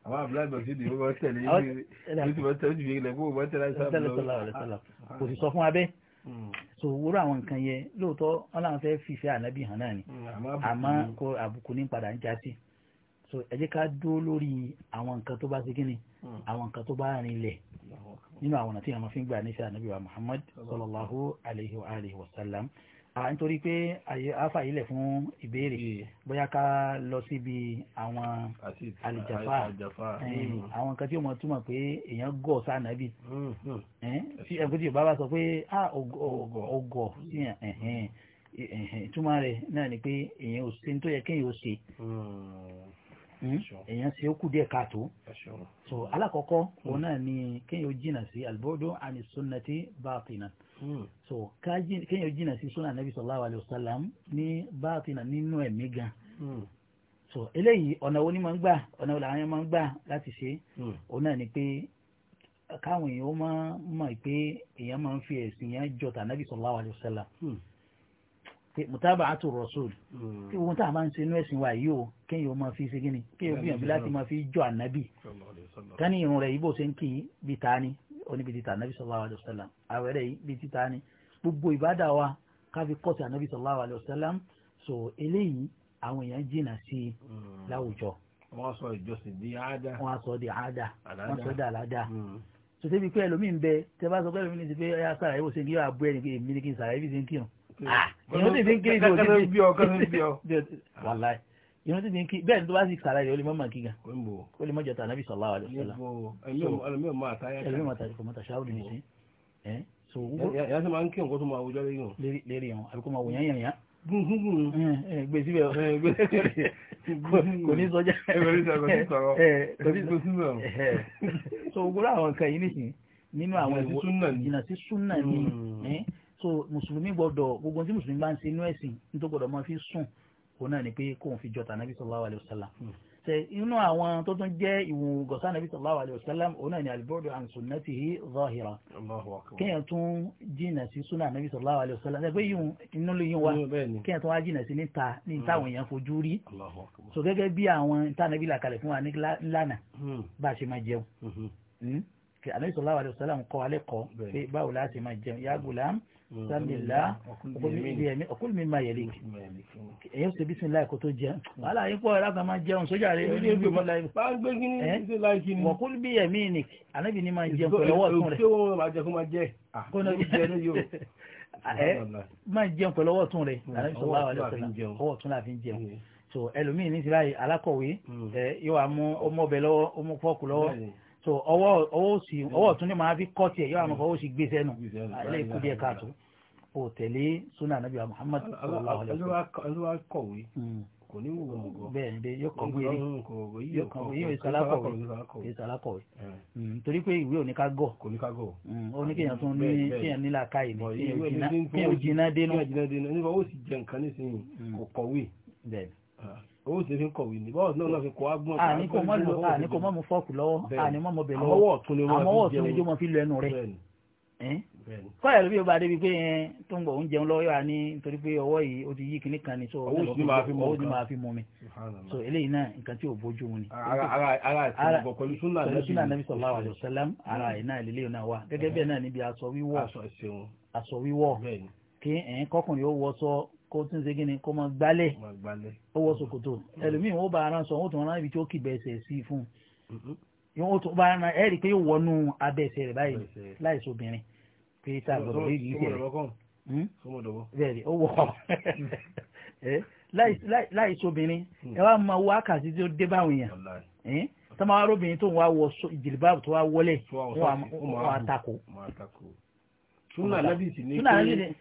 àwọn abúlágbà tí ìdìbò bá tẹ̀lé yìí tí wọ́n tẹ̀lé jù yìí lẹ́kọ́ bá tẹ̀lé àìsàn lọ. Ah. kò sì sọ fún abẹ́ hmm. so wúrọ̀ àwọn nǹkan yẹn lóòótọ́ wọn làwọn fẹ́ fìfẹ́ ànábì hàn náà ni hmm, àmọ́ kò àbùkù ní padà ń já sí so ẹ jẹ́ ká dúró lórí àwọn nǹkan tó bá ṣe kí ni hmm. àwọn nǹkan tó bá rinlẹ̀ nínú àwọn àti àwọn fi ń gbà níṣẹ́ ànábì wa Muhammad sallallahu alayhi wa sallam à nítorí pé àáfà yìí lẹ̀ fún ìbéèrè bóyá ká lọ síbi àwọn àlìjàfà hmm. àwọn nǹkan tí ó mọ túmọ̀ pé èèyàn gọ̀ sànàbì hmm. tí ẹ̀kú tí bàbá sọ pé ọgọ̀ túmọ̀ rẹ̀ náà ni pé èèyàn ò tó yẹ kéèyàn ó hmm. èèyàn ṣe ó kù díẹ̀ káàtó so alákọ̀ọ́kọ́ òun náà ni kéèyàn ó jìnnà sí albọ́dọ̀ àni sunnati báàpì náà. Hmm. so kéèyàn jìnnà sí sunnah nabi sallallahu alayhi wa sallam ní báàtìnà nínú ẹ̀mí gan hmm. so eléyìí ọ̀nà wo ni máa ń gbà ọ̀nà wo làwọn yẹn máa ń gbà láti ṣe hmm. òun náà ni pé káwọn èèyàn ó máa mọ̀ pé èèyàn máa ń fi ẹ̀sìn yẹn jọ tànàbì sallallahu alayhi wa sallam pé mutaba'atu rasul kí wọn tá a máa ń ṣe inú ẹ̀sìn wa yìí o kéèyàn ó máa fi ṣe kí ni kéèyàn ó gbìyànjú láti máa fi jọ ànábì kání rẹ̀ yìí bó ṣe ń kì bí ta ni oníbi títà anabi sallallahu alayhi wa sallam àwẹ̀ rẹ̀ bí títà ni gbogbo ìbádà wa káfí kọ́ọ̀tì anabi sallallahu alayhi wa sallam so eléyìí àwọn èèyàn jìnnà sí i hmm. láwùjọ. wọ́n sọ ìjọsìn di àádá. wọ́n sọ di àádá wọ́n sọ di àládá. Hmm. so débi pé ẹlòmíín bẹ tẹ bá sọ pé ẹlòmíín ti pé ẹ yà sára ẹ wò sí kí yóò abú ẹni pé èmi ni kí n sára ẹ bí ti ń kírun. ah ìyẹn ó sì ti ń kírun. kẹ́kẹ́ bí ọ kẹ́kẹ́ bí ọ. <laughs> ìrántí ti ń kí bẹ́ẹ̀ ni tó bá sì sàrà rẹ̀ ó lè mọ́ màá kí gan ó lè mọ́ jọta anábì sallallahu alaihi wasallam ẹlòmíràn máa tayá kan ẹlòmíràn máa tayá kan mọ́tàṣá ó lè ní sí ẹ́ so. ìyá sọ máa ń kí nǹkan tó máa wùjọ lérí wọn. lérí wọn àbíkó máa wò yán yàn yán. gúngúngún gbé <laughs> síbẹ̀ kò ní sọjá kò ní <laughs> sọ̀rọ̀ so gbogbo àwọn nǹkan yìí nìsín nínú àwọn ìjìnà sí súnà ni mm. so mùsùlùmí gbọ́dọ̀ gbogbo tí mùsùlùmí bá ń ṣe inú ẹ̀sìn nítorí gbọ́dọ̀ máa fi sùn òun náà ni pé kóun fi jọta nàbí sallallahu alayhi wa sallam ṣe inú àwọn tó tún jẹ́ ìwọ̀n gọ̀sá nàbí sallallahu alayhi wa sallam òun náà ni al-bu'du an sunnatihi zahira kéèyàn tún jìnà sí súnà nàbí sallallahu alayhi wa sallam ṣe pé yìí inú ló yín wa kéèyàn tún wá jìnà sí níta ní táwọn èèyàn fojú rí so gẹ́gẹ́ bí àwọn tánàbí làkàlẹ̀ fún wa ní lánàá hmm. bá a ṣe máa jẹun anabi hmm. hmm. sallallahu alẹ́ kọ́ pé sálílá mm. ọkùnrin mi máa yẹlẹ ẹyẹ ṣe bismillah kó tó jẹun mm. wàhálà yín pọ̀ ẹ̀rọ kan máa jẹun sójà rẹ ní ìlú ìmọ̀lá yìí ọkùnrin bí ẹ̀mí ni ànábì ni máa jẹun pẹ̀lú ọwọ́ ọ̀tún rẹ̀ kí wọ́n máa jẹ kó máa jẹ ah, ah, kó náà jẹ ní yóò <laughs> eh, máa jẹun pẹ̀lú ọwọ́ ọ̀tún rẹ̀ hmm, ànábì sọ wàhálà ọwọ́ ọ̀tún la fi ń jẹun hmm. so ẹlòmíì ní ti báyìí alákọ̀wé hmm. eh, yóò wá mú ọmọ ọbẹ̀ lọ́wọ́ ọmọ fọ́ọ̀kù lọ́wọ́ so ọwọ́ ọwọ́ òsì ọwọ́ ọ̀tún ni màá fi kọ́ tiẹ̀ yóò àmọ́ fọwọ́ sí gbé sẹ́nu ilé ah, ìkú díẹ̀ káàtó o tẹ̀lé sunna anabi wa muhammad sallallahu alayhi wa sallam. ẹlú wa kọ̀wé hmm. kò ní wò wọ́n gbọ́. bẹ́ẹ̀ bẹ́ẹ̀ yóò kọ̀wé rí yóò kọ̀wé yóò sara kọ̀wé yóò sara kọ̀wé. Hmm. Hmm, torí pé ìwé ò ní ká gọ̀. kò ní ká gọ̀. ó ní kéèyàn tún ní kéèyàn nílà káyìí ní kéèyàn jìnnà dénú. kéèyàn jìnnà dénú nípa ó sì jẹ nǹkan nísìnyí kò kọ̀wé. bẹ́ẹ̀ owó tẹ fi kọ̀wé ni bọ́ọ̀ náà fi kọ́ agbọ́n. àní kò mọ́ lò àní kò mọ́ mu fọ́ọ̀kù lọ́wọ́ àní mọ́ mọ́ bẹ̀ lọ́wọ́ àmọ́wọ́ tún lè jọ mọ́ fi lọ ẹnu rẹ̀ kọ́lá ló bí o bá débi pé ẹ tó ń bọ̀ oúnjẹ ń lọ́wọ́ yà ní nítorí pé ọwọ́ yìí o ti yí kinní kan ni so owó sì máa fi mú mi so eléyìí náà nǹkan tí o bójú mu ni. ara àti ìbọ̀ pẹ̀lú súnà nàbí sallallahu alaihi wasallam ara ẹ̀ náà lélẹ́yìn náà wà gẹ́gẹ́ bẹ́ẹ̀ náà níbi aṣọ wíwọ̀ aṣọ wíwọ̀ kí ẹ̀yìn kọkùnrin ó wọ sọ kó tún ṣe kí ni kó máa gbálẹ̀ ó wọ ṣòkòtò mm-hmm. ẹlòmíì wọn bá ara sọ wọn tún rán ibi tí ó kì bẹ́ẹ̀ ṣe sí fún un yóò mm-hmm. tún bá ara ẹ̀ rí i pé yóò wọnú abẹ́ ẹsẹ̀ rẹ̀ báyìí láìsí obìnrin Peter, tá a gbọ́dọ̀ lé yìí tẹ̀ bẹ́ẹ̀ ni ó wọ̀ <laughs> eh, láì sobìnrin hmm. ẹ wá máa wá kàtí tí ó dé báwọn èèyàn eh, tọ́mọ arábìnrin tó ń wá wọ jìlìbáàbù tó wá wọlé wọn wá tako súnà nàbì sì ní pé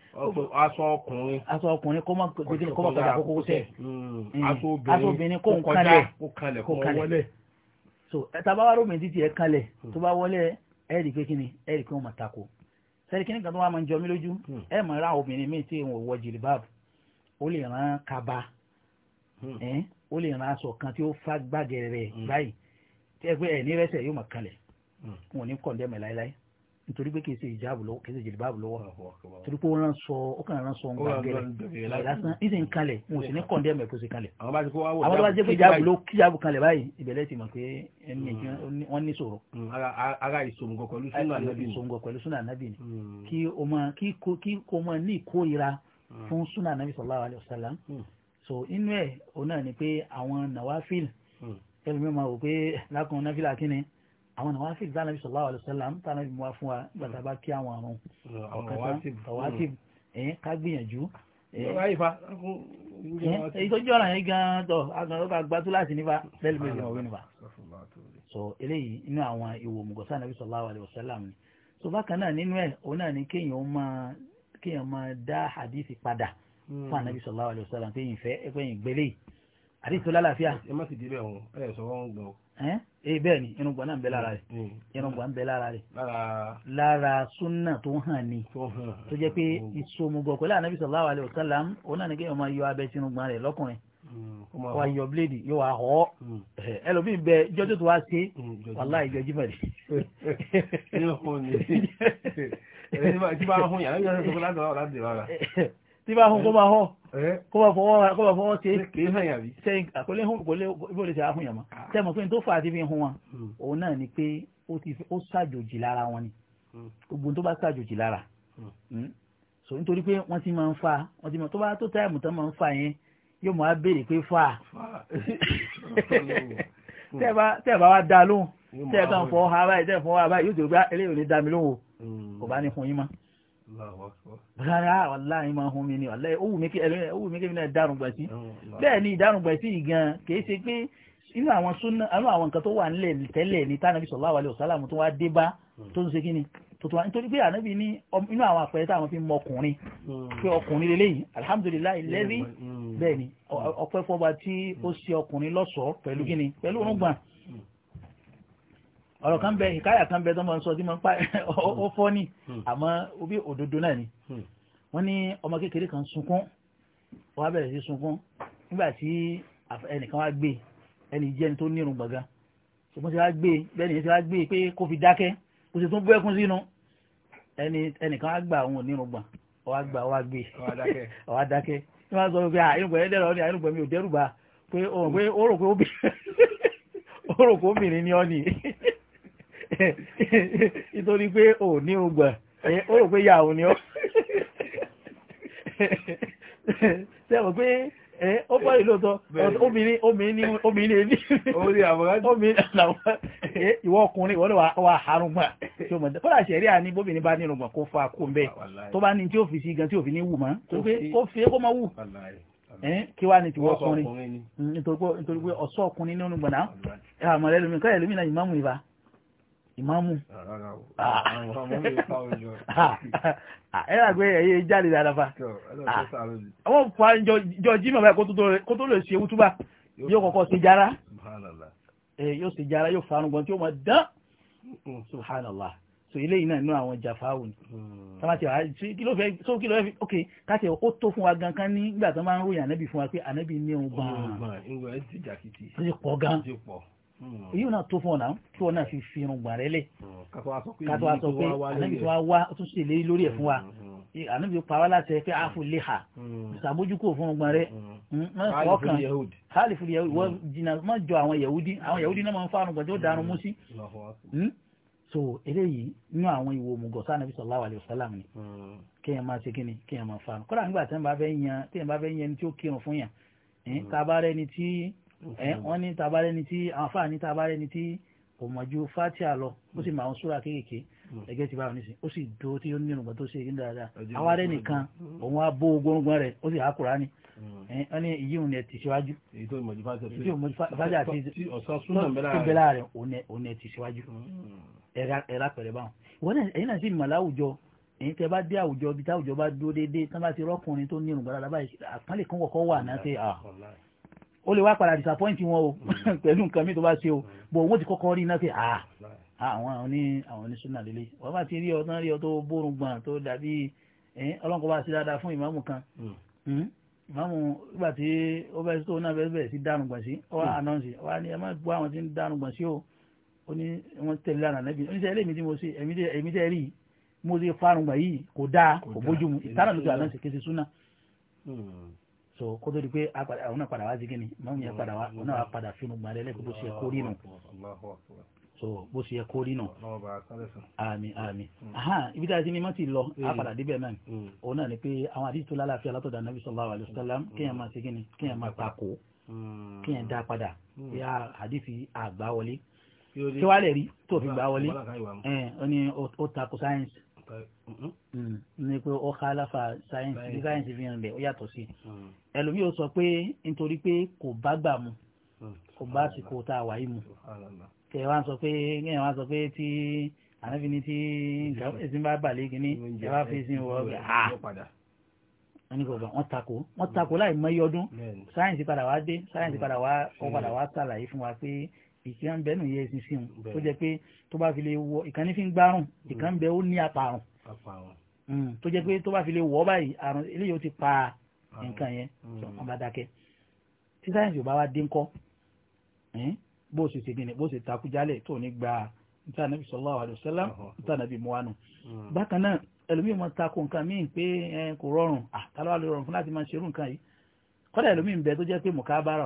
aṣọ ọkùnrin aṣọ ọkùnrin kọ́ máa gbẹ́gbẹ́ kọ́ máa kọjá kókó tẹ̀ hmm. hmm. aṣọ obìnrin kò ń kalẹ̀ kò kalẹ̀ kò wọlé. so tàbá wàá rómìnì títí ẹ kalẹ̀ tó bá wọlé ẹ rí i pé kí ni ẹ pé wọ́n máa tako sẹ́ni kí nìkan tó wà máa ń jọ mí lójú hmm. ẹ mọ̀ ra obìnrin míì tí wọn ò wọ jìlìbáàbù ó lè rán kaba hmm. ó lè rán aṣọ kan tí ó fá gbàgẹ̀rẹ̀ hmm. báyìí tí ẹgbẹ́ ẹ̀ ní rẹ́sẹ̀ yóò máa kalẹ̀ wọn ò ní kọ̀ndẹ́mẹ̀ láéláé nítorí pé kì í ṣe ìjáàbù lọ́wọ́ kì í ṣe jìlìbáàbù lọ́wọ́ torí pé ó rán sọ ó kàn rán sọ ń gbàgẹ̀rẹ̀ lásán ìsì ń kalẹ̀ mo sì ní kọ̀ndé ẹ̀mẹ̀ kó ṣe kalẹ̀ àwọn tó bá jẹ́ pé ìjáàbù ló kíjáàbù kalẹ̀ báyìí ìbẹ̀lẹ̀ ti mọ̀ pé ẹni hmm. wọ́n ní sọ̀rọ̀. Hmm, ara ìsòmùgọ̀ pẹ̀lú súnà ànábì ni hmm. kí o máa ní ìkórira fún súnà ànábì sallallahu alaihi wasallam so inú ẹ̀ òun náà ni pé àwọn nàwáfíìl àwọn àwọn àfi ìdáná bíi sallallahu alaihi wasallam tánà bí mo wá fún wa gbàtà bá kí àwọn àrùn ọ̀kẹ́tàn ọ̀wátì ẹ̀yìn ká gbìyànjú. èyí tó jọra yẹn gan tọ agbọ̀n bá gbá túláàsì nípa bẹ́ẹ̀ ló ń wọ́n nípa. so eléyìí inú àwọn ìwò mùgọ̀sá nàbí sallallahu alaihi wasallam ni. so bákan náà nínú ẹ̀ òun náà ni kéèyàn máa kéèyàn máa dá hadithi padà hmm. fún ànàbí sallallahu alaihi ee bẹ́ẹ̀ ni irungba náà ń bẹ lára rẹ̀ irungba ń bẹ lára rẹ̀ lára súnà tó hàn ni tó jẹ́ pé ìsomugọ̀ pẹ̀lú anabi sallallahu alayhi wa sallam òun náà ni kéèyàn máa yọ abẹ́ sínúgbà rẹ̀ lọ́kùnrin wa yọ bíléèdì yóò wá họ ẹlòmíì bẹ jọjọ tó wá ṣe wàláì jọ jimá rẹ. ẹni máa ń hún yàrá yóò ṣe sọ́kọ́ láti wá láti wá rà tí bá hún eh. kó máa hún eh. kó máa fọwọ́ ṣe ṣe àkọlé hún kò lè bó lè àhún yàmọ́ tí tó hmm. hmm. hmm. ń tó bá tó táìmù tán máa pé fa <laughs> tẹ́ wá dá lóhùn tẹ́ fọ́ ha báyìí tẹ́ ẹ báyìí yóò tó gbá ah, ní dá mi kò bá ní fún yín mọ́ rárá wàláhí máa hun mi ni wàláhí ó wù mí kí náà dárúgba sí bẹ́ẹ̀ ni ìdárúgba sí gan kìí ṣe pé inú àwọn súnà inú àwọn nǹkan tó wà nílẹ̀ tẹ́lẹ̀ ní tánàbí sallallahu alaihi wasallam tó wá dé bá tó ń ṣe kíni tó tó wá nítorí pé ànábì ní inú àwọn àpẹẹrẹ táwọn fi mọ ọkùnrin hmm. pé ọkùnrin lélẹ́yìn alhamdulillahi hmm. lẹ́rí bẹ́ẹ̀ ni ọpẹ́ fọba tí ó ṣe ọkùnrin lọ́ṣọ̀ọ́ pẹ̀lú kíni pẹ̀lú orúngbọ̀n ọ̀rọ̀ kan bẹ ìkáyà hmm. kan bẹ tọ́mọ sọ tí mo ń pa hmm. <laughs> ó fọ́ ni hmm. àmọ́ obi òdodo náà ni wọ́n ní ọmọ kékeré kan sunkún wọ́n á bẹ̀rẹ̀ sí sunkún nígbà tí ẹnìkan wá gbé ẹnì jẹ́ni tó nírun gbọ̀ngàn ṣùgbọ́n tí wá gbé bẹ́ẹ̀ni tí wá gbé pé kó fi dákẹ́ kó sì tún bú ẹkún sínú ẹnìkan wá gbà òun ò nírun gbọ̀n ọwá gbà ọwá gbé ọwá dákẹ́ ní <laughs> wọ́n sọ pé àyínúgbọ̀n ẹ̀dẹ̀rọ̀ ni àyínúgbọ̀n mi ò dẹ́rù bá pé ó rò pé ó <laughs> bìnrin ni ọ́ <laughs> nítorí pé ò ní ó rò pé <laughs> ni ó sẹ́wọ̀n pé ó ìlú obìnrin obìnrin ní ìwọ ọkùnrin ìwọ́n wà àrùngbà tí ó mọ̀ kọ́lá ṣẹ̀rí à ní bóbìnrin bá nírùngbà kó fa kó ń bẹ́ tó bá ní tí ó fi sí gan tí ò fi ní wù mọ́ tó fi kó ìmáàmù ẹ̀rọ àgbẹ̀ ẹ̀yẹ jáde dáadáa ah. àwọn òpá jọ jí màmá kó tó lè ṣe wútúbà yóò kọ́kọ́ ṣe jára yóò ṣe jára yóò fanugbọn tí ó máa dán subhanallah so ilé yìí náà nú àwọn jàfáwò ni mm. tamati wa kí ló fẹ́ so kí ló fẹ́ ok káti ó tó fún wa gan kan nígbà tó máa ń ròyìn ànábì fún wa pé ànábì ní òun gan-an ó ti pọ̀ gan-an Hmm. èyí náà tó fún ọ náà kí wọn náà fi fi gbà rẹ lẹ hmm. kátó wá sọ pé ànábì tó wá wá ó ṣe léyìn lórí ẹ fún wa hmm, ànábì pa wá láti ẹ pé àáfò lè hà ṣàbójúkò fún ọgbọ̀n rẹ ọkàn hálìfù yahudi wọ́n jìnnà má jọ àwọn yahudi àwọn yahudi náà máa ń fa àrùn gbọ̀dọ̀ dànù mú sí so eléyìí nínú àwọn ìwò òmùgọ̀sá nàbí sallallahu alaihi wasallam ni kéèyàn máa ṣe kíni kéèyàn máa fa àrùn kódà nígbà tí wọn bá fẹ́ yan tí wọn wọ́n ní tabarẹ́ ni tí àwọn afáà ní tabarẹ́ tí kò mọ̀jú fatia lọ ó sì máa ń súra kéékèèké mm. ẹgẹ́ ti báwọn nísìn ó sì dúró tí ó ní ìrùngbọ̀n tó ṣe èyí dáadáa awárẹ́ nìkan òun á bó gbóngbọ́n rẹ̀ ó sì á kúrá mm. ní ẹni ìyí òun ẹ̀ tì síwájú èyí tó mọ̀jú fatia tí ọ̀sán súnà bẹ́lá rẹ̀ òun ẹ̀ tì síwájú mm. ẹ̀rá pẹ̀rẹ̀ báwọn. ìwọ náà ẹ̀yin náà sì mọ̀ láwùjọ èyí tẹ bá dé àwùjọ ibi táwùjọ bá dúró déédéé tán bá ti rọ́kùnrin tó ní ìrùngbọ̀n ó lè wá padà disappoint wọn o mm. <laughs> pẹ̀lú nǹkan mi tó bá ṣe o mm. bọ̀ owó ti kọ́kọ́ rí iná pé ah, ah àwọn ní àwọn ní súnà lélẹ̀ wọ́n bá ti rí ọtán rí ọ tó bórun gbọ̀n tó dàbí ọlọ́nkọ́ bá ṣe dáadáa fún ìmáàmù kan mm. hmm? ìmáàmù nígbà tí ó bẹ́ẹ̀ tó náà bẹ́ẹ̀ sí dànù gbọ̀n sí ọ ànánsì wa ni ẹ má gbọ́ àwọn tí ń dànù gbọ̀n sí o ó ní wọ́n tẹ̀lé àná lẹ́bi oníṣẹ́ eléyìí tí mo ṣe èmi tẹ́ rí mo ṣe farun gbà yìí kò dáa kò bójú mu ìtànà ló ti ànánsì kéṣe súnà hmm so kó tó di pé àwọn náà padà wá sí kíni máa ń yẹn padà wá àwọn náà wá padà fínú gbalẹ́lẹ́ bó ṣe kó rí nù so bó ṣe kó rí nù àmì àmì ibi tí a ti ní mọ́tì lọ apàdà hmm. débẹ̀ náà hmm. òun náà ni pé àwọn àdìsí tó lálàáfíà látọ̀dà nàbí sallallahu alaihi wasallam kéèyàn máa ṣe kíni kéèyàn máa takò hmm. kéèyàn dá padà bí a àdìsí àgbà wọlé tí wàá lè rí tó fi gbà wọlé ó ní ó takò sáyẹ́nsì Mm-hmm. Hmm. ní pé ó ká aláfa sáyẹ́ǹsì bí sáyẹ́ǹsì fi hàn lẹ̀ ó yàtọ̀ sí hmm. ẹlòmíì ó sọ pé nítorí pé kò bá gbà mu hmm. kò bá àsìkò tá a wà yìí mu kẹ̀ wá sọ pé kẹ̀ wá sọ pé tí ànábi ni tí ẹ̀sìn bá balẹ̀ kìíní ẹ̀ wá fi sin wọ́ ọ̀gbẹ́ ha onígbàgbà wọn tako wọn tako láì mọ iye ọdún sáyẹ́ǹsì padà wá dé sáyẹ́ǹsì padà wá ọ padà wá sàlàyé fún wa pé ìkíyà ń bẹ nù yẹ ẹsìn sí wọn tó jẹ pé tó bá fi lè wọ ìkànnì fi ń gbárùn hmm. ìkànnì bẹ ó ní apààrùn hmm. tó jẹ pé hmm. tó bá fi lè wọ báyìí àrùn eléyìí ó ti pa nǹkan yẹn wọn bá dákẹ́ tí sáyẹnsì ò bá wá dé ńkọ́ bó o sì ti gbìnì bó o sì takú jálẹ̀ tó ní gba níta nàbì sallallahu alaihi wasallam níta nàbì muwanu bákan náà ẹlòmíì máa takò nǹkan míì pé kò rọrùn àtàlọ́ àlọ́ rọrùn fún láti máa ṣerú nǹkan yìí kọ́dà ẹlòmíì ń bẹ tó jẹ́ pé mùkábàrà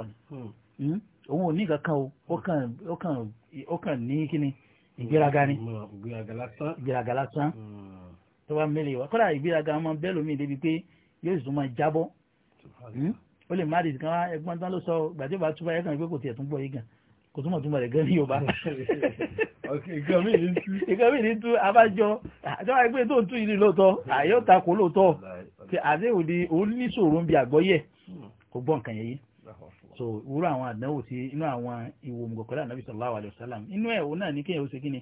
ni òun ò ní kankan o hmm. ó kàn ní kíni ìgbéraga ni hmm. ìgbéraga lásán hmm. tó bá mẹ́lẹ̀ wá kọ́dà ìgbéraga ọmọ bẹ́ẹ̀ lómi débi pé yóò sì tún máa jábọ́ ó lè má dìtì kan wá ẹgbọ́n tán ló sọ gbàdé bá túbọ̀ ẹ̀kan pé kò tiẹ̀ tún gbọ́ yìí gan kò túmọ̀ túmọ̀ rẹ̀ gan ní Yorùbá. ìkan <laughs> mi ní tú abájọ àjọwá ẹgbẹ́ tó ń tú yìí lóòótọ́ àyọ̀ ta kó lóòótọ́ àdéhùn ni òun ní sòrò ń bi àgbọ́yẹ̀ kò gbọ́ nǹkan yẹn yìí so wúrọ àwọn àdánwò sí inú àwọn ìwò mọ̀gòkòlá ànábì sallallahu alaihi wasallam inú ẹ̀ òun náà ní kéèyàn ó ṣe kíni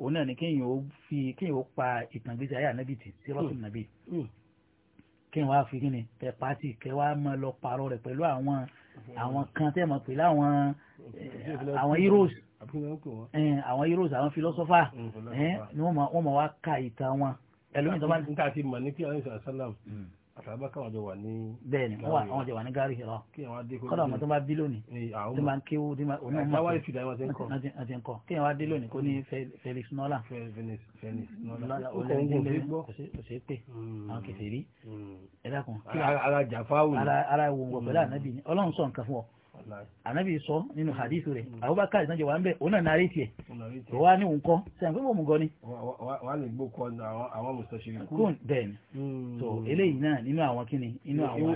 òun náà ní kéèyàn ó fi kéèyàn ó pa ìtàngbèsè ayé ànábì tì sí rọ́ọ̀tún nàbì kéèyàn wá fi kíni tẹ pàtì kẹ wá mọ lọ parọ́ rẹ̀ pẹ̀lú àwọn àwọn kan tẹ́ mọ̀ pẹ̀lú àwọn eh, àwọn heroes eh, àwọn heroes àwọn philosopher hmm, eh, ni wọ́n mọ̀ wá ka ìtàn wọn ẹlòmíràn tó bá ń tà sí mọ̀ ní kí àtàbákà wọn jọ wà ní. bẹ́ẹ̀ni wọn àwọn jọ wà ní gari hìrọ kọlọ ọmọ tó bá bí lónìí tó máa ń kéwú tó máa ń mọ àti àti nkọ kéèyàn wá dé lónìí kó ní hmm. Felix Nola kò sí pé hmm. àwọn kẹfẹ rí hmm. ẹ dákun. ara jàfáwù. ara ìwòǹgbọ̀ pẹ̀lú ànábì ni Ọlọ́run sọ nǹkan fún ọ anabi sọ nínú mm. hadith rẹ̀ mm. abubakar ìsànjẹ wà ń bẹ òun náà nàárẹ̀ tiẹ̀ tó wá ní òun kọ́ sẹ́yìn pé òun gọ ni. wà á lè gbó kọ àwọn mùsùlùmí. kún bẹ́ẹ̀ ni mm. so eléyìí náà nínú àwọn kíni inú àwọn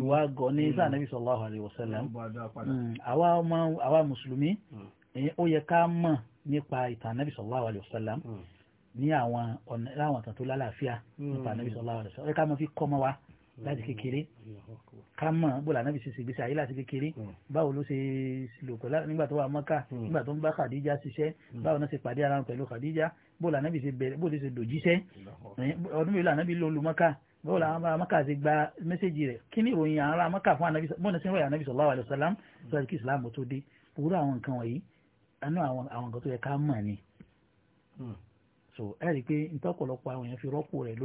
ìwà àgọ́ ní sáà anabi sallallahu alaihi wasallam àwa mùsùlùmí ó yẹ ká mọ̀ nípa ìtàn anabi sallallahu alaihi wasallam ní àwọn ọ̀nà láwọn ìtàn tó lálàáfíà nípa anabi sallallahu alaihi wasallam ó yẹ ká mọ̀ fi kọ́ mọ́ wa láti kékeré ká mọ̀ bóla anábì ṣe ṣègbésí ayé láti kékeré hmm. báwo ló ṣe lò pẹ̀lú nígbà tó wà mọ́kà hmm. nígbà tó ń bá Khadija ṣiṣẹ́ hmm. báwo náà ṣe pàdé ara wọn pẹ̀lú Khadija bóla anábì ṣe bẹ̀rẹ̀ bóla ṣe dòjíṣẹ́ eh, ọdún mélòó anábì ló lu mọ́kà báwo la ara maka ṣe gba mẹ́sẹ̀gì rẹ̀ kí ni ìròyìn ara maka fún anabi bọ́ọ̀nà sí ìròyìn anabi sallallahu alaihi wasallam sọ́dọ̀ kí islam tó dé òwúrọ̀ àwọn nǹkan wọ̀nyí anú àwọn nǹkan tó yẹ ká mọ̀ ni. so ẹ rí i pé ntọ́pọ̀lọpọ̀ àwọn èèyàn fi rọ́pò rẹ̀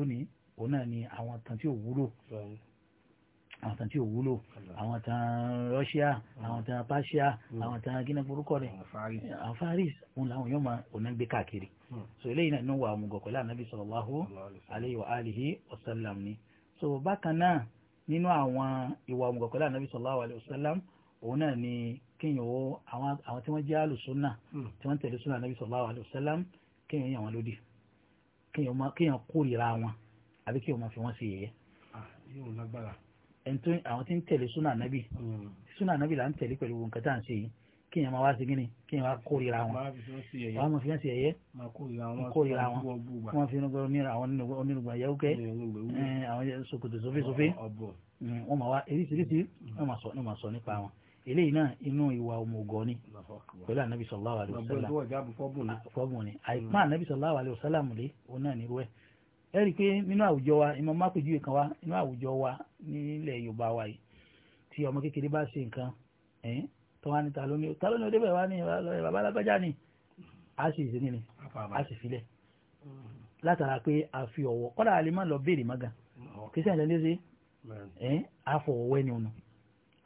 òun náà ni àwọn tán tí ò wúlò àwọn tán tí ò wúlò àwọn tán Russia àwọn tán Persia hmm. àwọn tán guinea burúkọ rẹ àwọn Faris òun làwọn yóò máa òun náà gbé káàkiri hmm. so eléyìí náà ní wà mú gọ̀kọ́ láà nàbí sallallahu alayhi wa alihi wa sallam ni so bákan náà nínú àwọn ìwà mú gọ̀kọ́ láà nàbí sallallahu alayhi wa sallam òun náà ni kéèyàn ó àwọn tí wọ́n jẹ́ alùsùnà hmm. tí wọ́n tẹ̀lé sùnà nàbí sallallahu alayhi wa sallam kéèyàn yàn wọn lódì kéèyàn kórìíra wọn àbí kí o máa fi wọ́n ṣe yẹ̀yẹ́. ẹ̀ńtọ́ àwọn tí ń tẹ̀lé súnà nábì hmm. súnà nábì là ń tẹ̀lé pẹ̀lú nǹkan tá à ń ṣe yìí kí èèyàn máa wá sí gíní kí èèyàn wá kórìíra wọn wọ́n máa fi wọ́n ṣe yẹ̀yẹ́ kórìíra wọn wọ́n fi nígbà mìíràn àwọn onírúgbà yẹ́wó kẹ́ àwọn ṣòkòtò sófésófé hmm, wọ́n máa wá eríṣiríṣi hmm. wọ́n máa sọ nípa wọn eléyìí náà inú ìwà ọmọọgọ ni pẹ̀lú ànábì sallallahu alaihi wasallam fọ́bùn ni àìpọ́n ànábì sallallahu alaihi wasallam lé òun náà nírú ẹ̀ ẹ rí i pé nínú àwùjọ wa ìmọ̀ mápèjúwe kan wa nínú àwùjọ wa nílẹ̀ Yorùbá wa yìí tí ọmọ kékeré bá ṣe nǹkan tó wá ní ta ló ní ta ló ní o débẹ̀ wá ní bàbá alágbájá ni a sì ṣe nílẹ̀ a sì filẹ̀ látara pé a fi ọ̀wọ̀ kọ́dà a lè má lọ béèrè má gan kí sẹ́yìn lẹ́ni ṣe àfọ̀wọ́wẹ́ ni ọ̀nà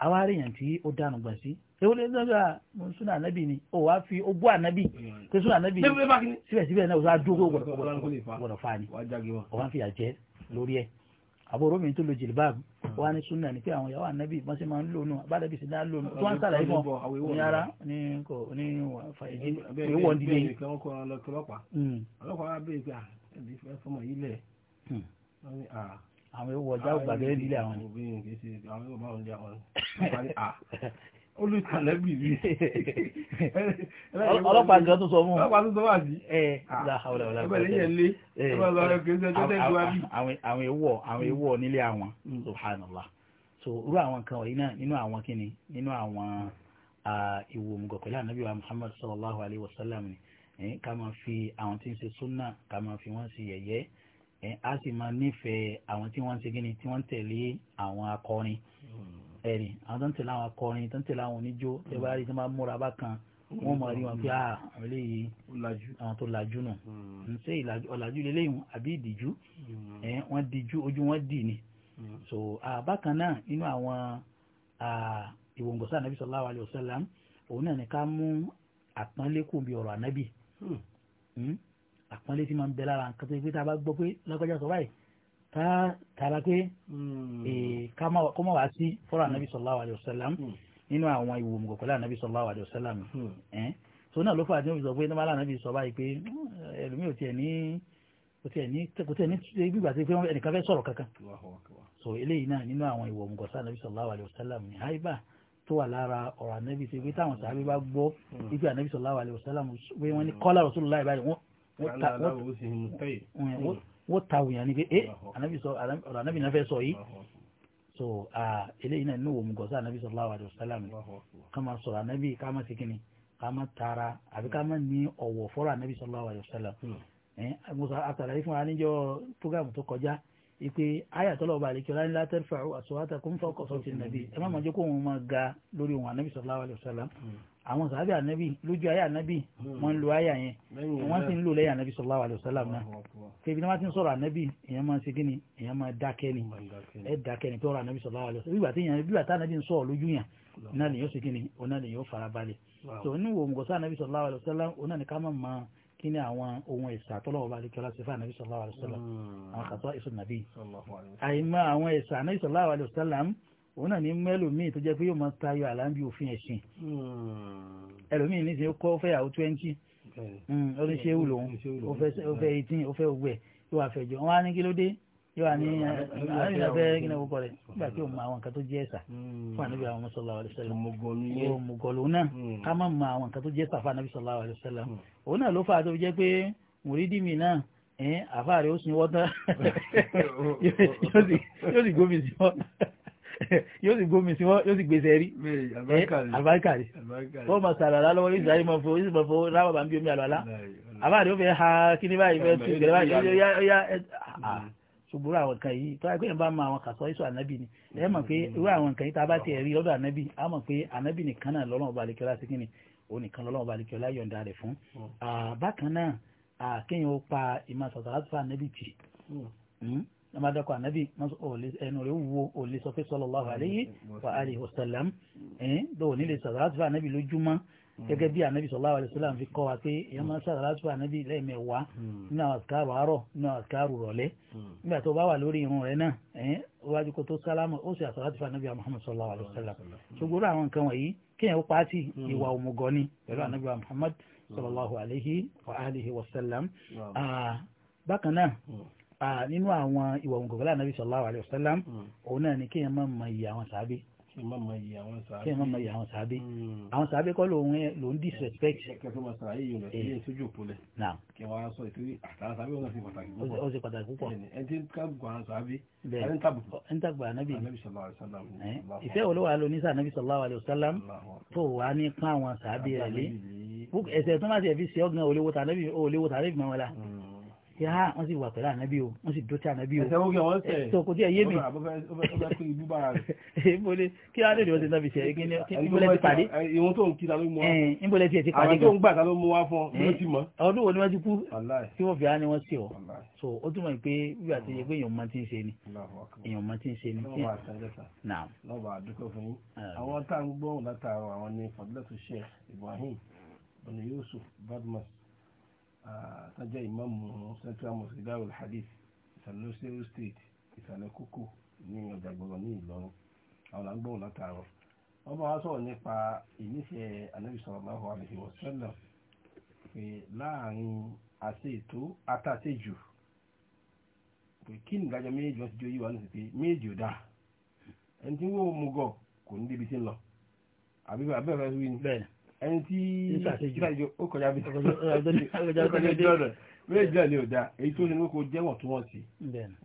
àwa rí yàn tí ó dànù gbà sí ewu lè sọ́jà mo sún ànábì ni o wá fi ogbó ànábì pé sún ànábì ni síbẹ̀síbẹ̀ náà o sá dúró gbọ̀dọ̀ fa ni o wá fi àjẹ́ lórí ẹ̀ àbúrò mi tó lo jìlbáàbù wá ní súnà ni pé àwọn ìyàwó ànábì wọ́n sì máa ń lónú àbádẹ́bì sí náà lónú tí wọ́n sàlàyé fún ọ ní ara ní kò ní fàyèjì pé wọ́n dìde. bẹ́ẹ̀ ni hmm. pé à fẹ́ fọmọ yìí lẹ̀ hmm. àwọn ewu ọjà ògbàgbé lílẹ̀ àwọn. àwọn ewu ọjà ògbàgbé lílẹ̀ àwọn. <laughs> olùtàlẹ́bì rí <laughs> ọlọ́pàá gan tó sọ fún un ọlọ́pàá tó sọ wà sí eh, ah. ẹ ẹbẹ̀rẹ̀ yẹn lé eh, ẹbẹ̀rẹ̀ kìí ṣe ọjọ́ tẹ́gbẹ́ wá bí. àwọn ewọ àwọn ewọ nílé àwọn hmm. subhanallah so irú àwọn kan wọ̀nyí náà nínú àwọn kíni nínú àwọn ìwò òmùgọ̀ pẹ̀lú ànábì wa muhammad sallallahu alayhi wa sallam ni eh, ká máa fi àwọn tí ń ṣe sunna ká máa fi wọ́n sí yẹ̀yẹ́ a sì máa nífẹ̀ẹ́ àwọn tí wọ́n ń ṣe kíni tí wọ́n ń tẹ̀lé àwọn akọrin hmm ẹ̀rì àwọn tó ń tẹ̀lé àwọn akọrin tó ń tẹ̀lé àwọn oníjó ẹ bá rí i tó múra bá kan wọ́n máa rí wọn pé ah, àwọn eléyìí àwọn tó lajú nù ń hmm. ṣe ọ̀làjú lélẹ́yìn àbí ìdíjú hmm. wọ́n díjú ojú wọn dì ní. Hmm. so bákan náà nínú àwọn ìwòǹgọ̀sá ànábì sallallahu alaihi wasallam òun náà ní ká mú àpọ́nlékùn bí ọ̀rọ̀ ànábì àpọ́nlé tí máa ń bẹ lára nǹkan tó yẹ pé tá a bá gbọ́ pé lọ́kọ́jà sọ báyìí tá tara pé hmm. eh, kó má wá sí fọ́rọ̀ anabi hmm. sallallahu alayhi wa sallam hmm. nínú àwọn ìwò mọ̀gọ̀ pẹ̀lú anabi sallallahu alayhi wa sallam so náà ló fà ní òbísọ̀ pé ní bàlá anabi sọ báyìí pé ẹlòmíì ò tiẹ̀ ní kò tiẹ̀ ní kò tiẹ̀ ní gbígbà tí ẹnìkan fẹ́ sọ̀rọ̀ kankan so eléyìí náà nínú àwọn ìwò mọ̀gọ̀ sí anabi sallallahu alayhi wa sallam ní haiba tó wà lára ọ̀rọ̀ anabi ṣe pé táwọn sàbí bá gbọ́ ibi anabi sallallahu alayhi wa sallam pé wọ́n ní kọ́lá rasulullah báyìí wọ́n wọ́n ta wùyàn ni pé ẹ anabi sọ ọ̀rọ̀ anabi náà fẹ́ sọ yìí so eléyìí náà nínú wò mú gọ́sọ́ anabi sallallahu alaihi wasallam ká máa sọ̀rọ̀ anabi ká máa sikini ká máa tara àbí ká máa ní ọ̀wọ̀ fọ́rọ̀ anabi sallallahu alaihi wasallam musa hmm. àtàlàyé fún wa níjọ́ program tó kọjá ipe ayatollah ọba àlekí ọlá ní la tarfa'u aswatakum fawqa sawti nàbí ẹ má máa jẹ́ kó wọn máa ga lórí wọn anabi sallallahu alaihi wasallam hmm àwọn sàbí ànábì lójú ayé ànábì hmm. wọ́n ń lo ayé yẹn wọ́n sì ń lò lẹ́yìn ànábì sallallahu alaihi wasallam náà kébí ni wọ́n ti ń sọ̀rọ̀ ànábì èèyàn máa ń ṣe kíni èèyàn máa dákẹ́ ni ẹ dákẹ́ ni tọrọ ànábì sallallahu alaihi wasallam bíbà tí èèyàn bíbà tí ànábì ń sọ̀rọ̀ lójú yàn náà lè yóò ṣe kíni òun náà lè yóò fara balẹ̀ tó ní wo mùgọ́sá ànábì sallallahu alaihi wasallam òun náà ni ká má máa kí ni àwọn ohun ẹ̀sà tọ́lọ́wọ́ bá lékẹ́ láti fáà nàbí sallallahu alaihi wasallam hmm. àwọn kàtọ́ ìsọ̀ nàbí àìmọ́ àwọn ẹ̀sà nàbí sallallahu alaihi wasallam òun náà ní mú ẹlòmíì tó jẹ́ pé yóò máa tayọ àlàǹbí òfin ẹ̀sìn hmm. ẹlòmíì ní sẹ́ kọ́ fẹ́yàwó twenty ọdún hmm, ṣéwù lòun ó fẹ́ eighteen ó fẹ́ ogbẹ̀ yóò wá fẹ̀jọ́ wọn á ní kí ló dé yóò wá ní àwọn ìlàfẹ́ kí ni kókó rẹ̀ nígbà tí o mọ àwọn nǹkan tó jẹ́ ẹ̀sà fún ànábì àwọn hmm. sallallahu alaihi wasallam mọ̀gọ́lù náà ká má mọ àwọn nǹkan tó jẹ́ ẹ̀sà fún ànábì sallallahu alaihi wasallam òun náà ló fà á tó jẹ́ pé mùrídìmí náà àfáà ó sin wọ́tá <laughs> <laughs> yóò sì gómìnà yóò sì gómìn sí wọn yóò sì gbèsè rí àbáríkàrí wọn máa sàràlá lọ́wọ́ yóò sì sáré máa fowó yóò sì máa fowó ráwà bá ń bí omi àlọ́lá àbáàrí ó fẹ́ ha kí ní báyìí fẹ́ tu ìgbẹ́rẹ́ báyìí yóò yá mm. ṣùgbọ́n àwọn kan yìí tó ẹgbẹ́ yẹn bá mọ àwọn kàṣọ iṣu ànábì ni ẹ mọ̀ pé mm. irú àwọn kan yìí tá a bá tiẹ̀ rí lọ́dọ̀ ànábì a mọ̀ pé ànábì nìkan náà lọ́lọ́run ọba àlekẹ́lá sí kínni ó nìkan lọ́lọ́run ọba àlekẹ́lá yọ̀ǹda rẹ̀ fún. Mm. bákan náà kéèyàn ó pa ìmọ̀ sọ̀tàlá tó fà ànábì tì lọ́mọ adọ́kọ̀ ànábì ẹnu rẹ̀ wo òlè sọ pé sallallahu alayhi wa alihi wa sallam ẹ̀ẹ́n lọ́wọ́ nílé sàràtúfà ànábì lójúmọ́ gẹ́gẹ́ bí ànábì sallallahu alayhi wa sallam fi kọ́ wa pé èèyàn máa ń sàràtúfà ànábì lẹ́ẹ̀mẹ̀wá nínú àwọn àsìkáàrù àárọ̀ nínú àwọn àsìkáàrù rọ̀lẹ́ nígbà tó bá wà lórí irun rẹ̀ náà ẹ̀ẹ́n wájú ah, bákan náà nínú àwọn ìwà òǹkọ̀gbà láàrin nàbí sallallahu alaihi wasallam hmm. òun náà ni kéèyàn máa mọ iye àwọn sàábé kí n má mọ iye àwọn sàábé kí n má mọ iye àwọn sàábé hmm. àwọn sàábé kọ́ ló ń lò ń disrespect. kí n má sàáyé yìí lọ sí eh. ilé ìtújú òpólẹ̀. náà kí n wá sọ ìtúrí àtàrà sàábé wọn sì pàtàkì púpọ̀. ó sì pàtàkì púpọ̀. ẹ ti ń tàbùkù àwọn sàábé. bẹ́ẹ̀ ẹ ń tàbùkù. ẹ ń tàbùkù ànábì. ànábì sallallahu alaihi wasallam. Eh? ìfẹ́ olówó alo nísà ànábì sallallahu alaihi wasallam tó wà ní pán àwọn sàábé rẹ̀ lé. ẹsẹ̀ tó má ti ẹ̀ fi ṣe ọ̀gbìn òléwòtà ànábì mọ́ wọn la. Hmm tí a ah, wọ́n sì wà pẹ̀lú ànábì o wọ́n sì dó tí ànábì o tó eh, kò tí ẹ yé mi ìbólé <laughs> eh, kí á lèdè ọ̀sẹ̀ tàbí ṣe kí ìbólé ti pàdé eh, ìwọ̀n tó ń kí ta ló mú wa ìbólé ti ẹ̀ ti pàdé gan àwọn tó ń gbà ta ló mú wa fún ọ ti mọ̀ ọdún wo ni wọ́n ti kú tí wọ́n fi á ní wọ́n sí ọ so ó túmọ̀ pé bí àti yẹ pé èèyàn máa ti ń ṣe ni èèyàn máa ti ń ṣe ni tajẹ́ ìmáàmù central mosque darul hadith ìsàlẹ̀ osero state ìsàlẹ̀ kókó ní ọjà ìgbọ̀rọ̀ ní ìlọrin àwọn àgbọ̀n látàárọ̀ wọ́n bá wá sọ̀rọ̀ nípa ìníṣẹ́ anábì sallallahu alaihi wasallam pé láàrin àṣẹ ètò àtàṣejù pé kí nìdájọ́ méjì wọn ti jó yíwa nítorí pé méjì ò dáa ẹni tí wọ́n mú gọ̀ kò ní débi tí ń lọ àbí bẹ́ẹ̀ fẹ́ wí ni. bẹ́ẹ̀ ẹni tí ìsàtẹjọ ó kọjá bí ọ̀dọ̀ <laughs> méjì náà ni ò da èyí tó ṣe ní kò jẹ́wọ̀n tó wọ́n sí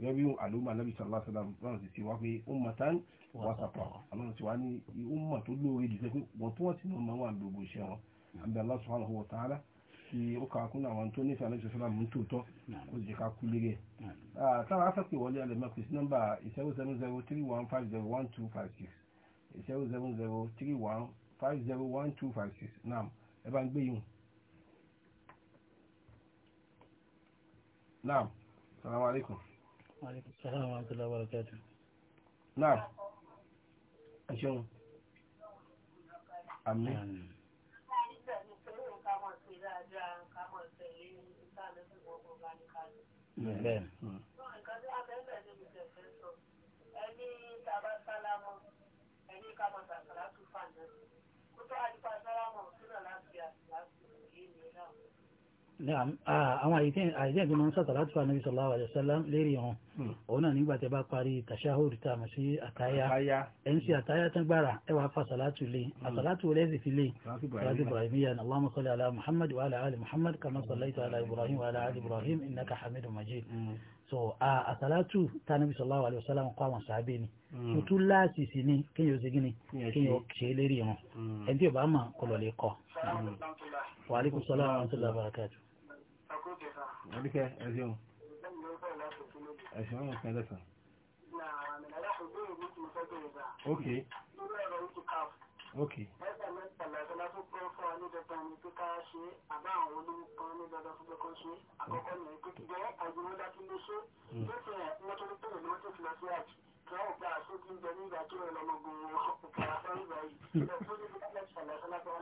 yọ bí àlùmọ́ alábi sọ̀rọ̀ sọ̀rọ̀ náà sì ti wá pé ó mọ̀ tán wọ́n sàpọ̀ àwọn ti wá ní ó mọ̀ tó lóore jù pé wọ́n tó wọ́n sí náà máa wà gbogbo iṣẹ́ wọn àbí Allah subhanahu wa ta'ala tí ó kà kún àwọn tó nífẹ̀ẹ́ alábi sọ̀rọ̀ mú zero ó zero ká kú lérè ah, zero táwọn afẹ́pẹ́ wọlé alẹ́ zero pèsè zero 07031501256 07031501256 five zero one two five six naam ẹ bá ń gbé yìí naam salaam aleykum. aleykum salaam wa rahmatulah wa barakatu. naam ṣeun àmín. ẹni tàbá sálámọ́ ẹni ká mọ̀ sàkàlà tún náà àwọn àyíjẹ́ ìgbìmọ̀ ń sàtàlá tí fàánàbí sallallahu alaihi wasallam lérí ọ̀hún hmm. òun náà nígbà tẹ bá parí tàṣáhùrù tá a mọ̀ sí àtáyá ẹ̀ń sí àtáyá tán gbára ẹwà fàṣàlátù lé hmm. àṣàlátù lẹ́sì fi lé ṣàlátù ibrahimiyya na allahumma salli ala muhammad wa ala ali muhammad kama sallaita ala ibrahim wa ala ali ibrahim so àsàlátù tánàbí sallallahu alaihi wasallam kọ́ àwọn sàábẹ́ ni mm. tutu láàsì sí ni kéèyàn ṣe gíní kéèyàn ṣe é lérí wọn mm. ẹni tí ò bá mọ̀ kọlọ̀ lè kọ́ mm. wa alaikum salaam wa rahmatullahi wa barakatuh. ok ok. mẹ́ta mẹ́ta làgbẹ́lá tó pẹ́ fún wa ní ni pé ká ṣe àbá àwọn olówó kan ní dandan ṣe àkọ́kọ́ ní pé jẹ́ àjùmọ́dá tí ló ṣe tó wọ́n tó pè ní wọ́n tó fi lọ sí àjì kí wọ́n gba àṣókí ń nígbà tó rẹ̀ lọ́mọ gbòòrò òkè àfẹ́ ìgbà yìí lọ fún ní bí wọ́n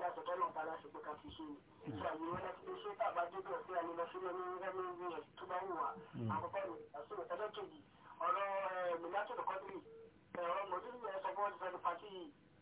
láti tọ́lọ̀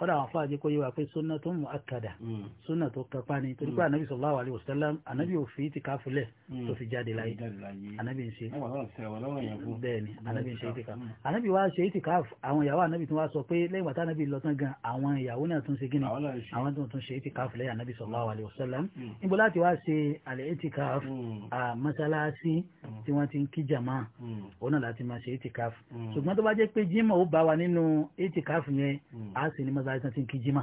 kọ́dà àwọn afáàjẹ́ kó yé wa pé súnà tó mú akada hmm. súnà tó kápá ni torí hmm. pé anabi sallallahu alayhi wa sallam anabi hmm. ò fi ti káfílẹ̀ tó fi jáde láyé anabi ń ṣe bẹ́ẹ̀ni anabi ń ṣe ìtìká anabi wá ṣe ìtìká àwọn ìyàwó anabi tún wá sọ pé lẹ́yìn bàtà anabi lọ tán gan àwọn ìyàwó náà tún ṣe gíní àwọn tó tún ṣe ìtìká fìlẹ̀ anabi sallallahu alayhi wa sallam níbo láti wá ṣe àlẹ́ ìtìká mọ́sálásí tí wọ́n ti ń kí jàmá òun náà láti máa ṣe mọ́sálásí náà ti ń kíjímà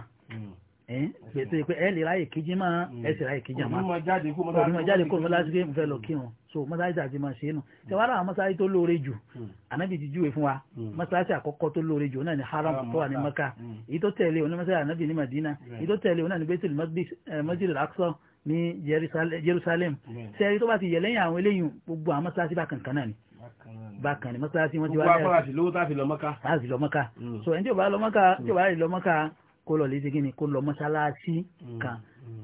gbèsè hmm. pé ẹ lè ráyè kíjímà hmm. ẹ sì ráyè kíjímà ọdún jáde kó mọ́sálásí pé mo fẹ́ lọ hmm. kírun so mọ́sálásí àti máa ṣe é nù ṣe wàá rà mọ́sálásí tó lóore jù ànábì ti júwe fún wa mọ́sálásí àkọ́kọ́ tó lóore jù náà ni haram tó wà ní maka èyí tó tẹ̀lé oní mọ́sálásí ànábì ní madina èyí tó tẹ̀lé oní ànábì eh, masjid al-aqsa ní jerusalem sẹ́ẹ̀rí tó bá ti yẹ lẹ́yìn àwọn eléyìí gbogbo àwọn mọ́sálásí bá kankan náà ni bákan ní mọ́sálásí wọ́n ti wá lẹ́yìn. gbogbo afárasì lówó tá a fi lọ mọ́ká. tá a fi lọ mọ́ká. Mm. so ẹni tí ò bá lọ mọ́ká tí ò bá lọ mọ́ká kó lọ lé segin ni kó lọ mọ́sálásí mm. kan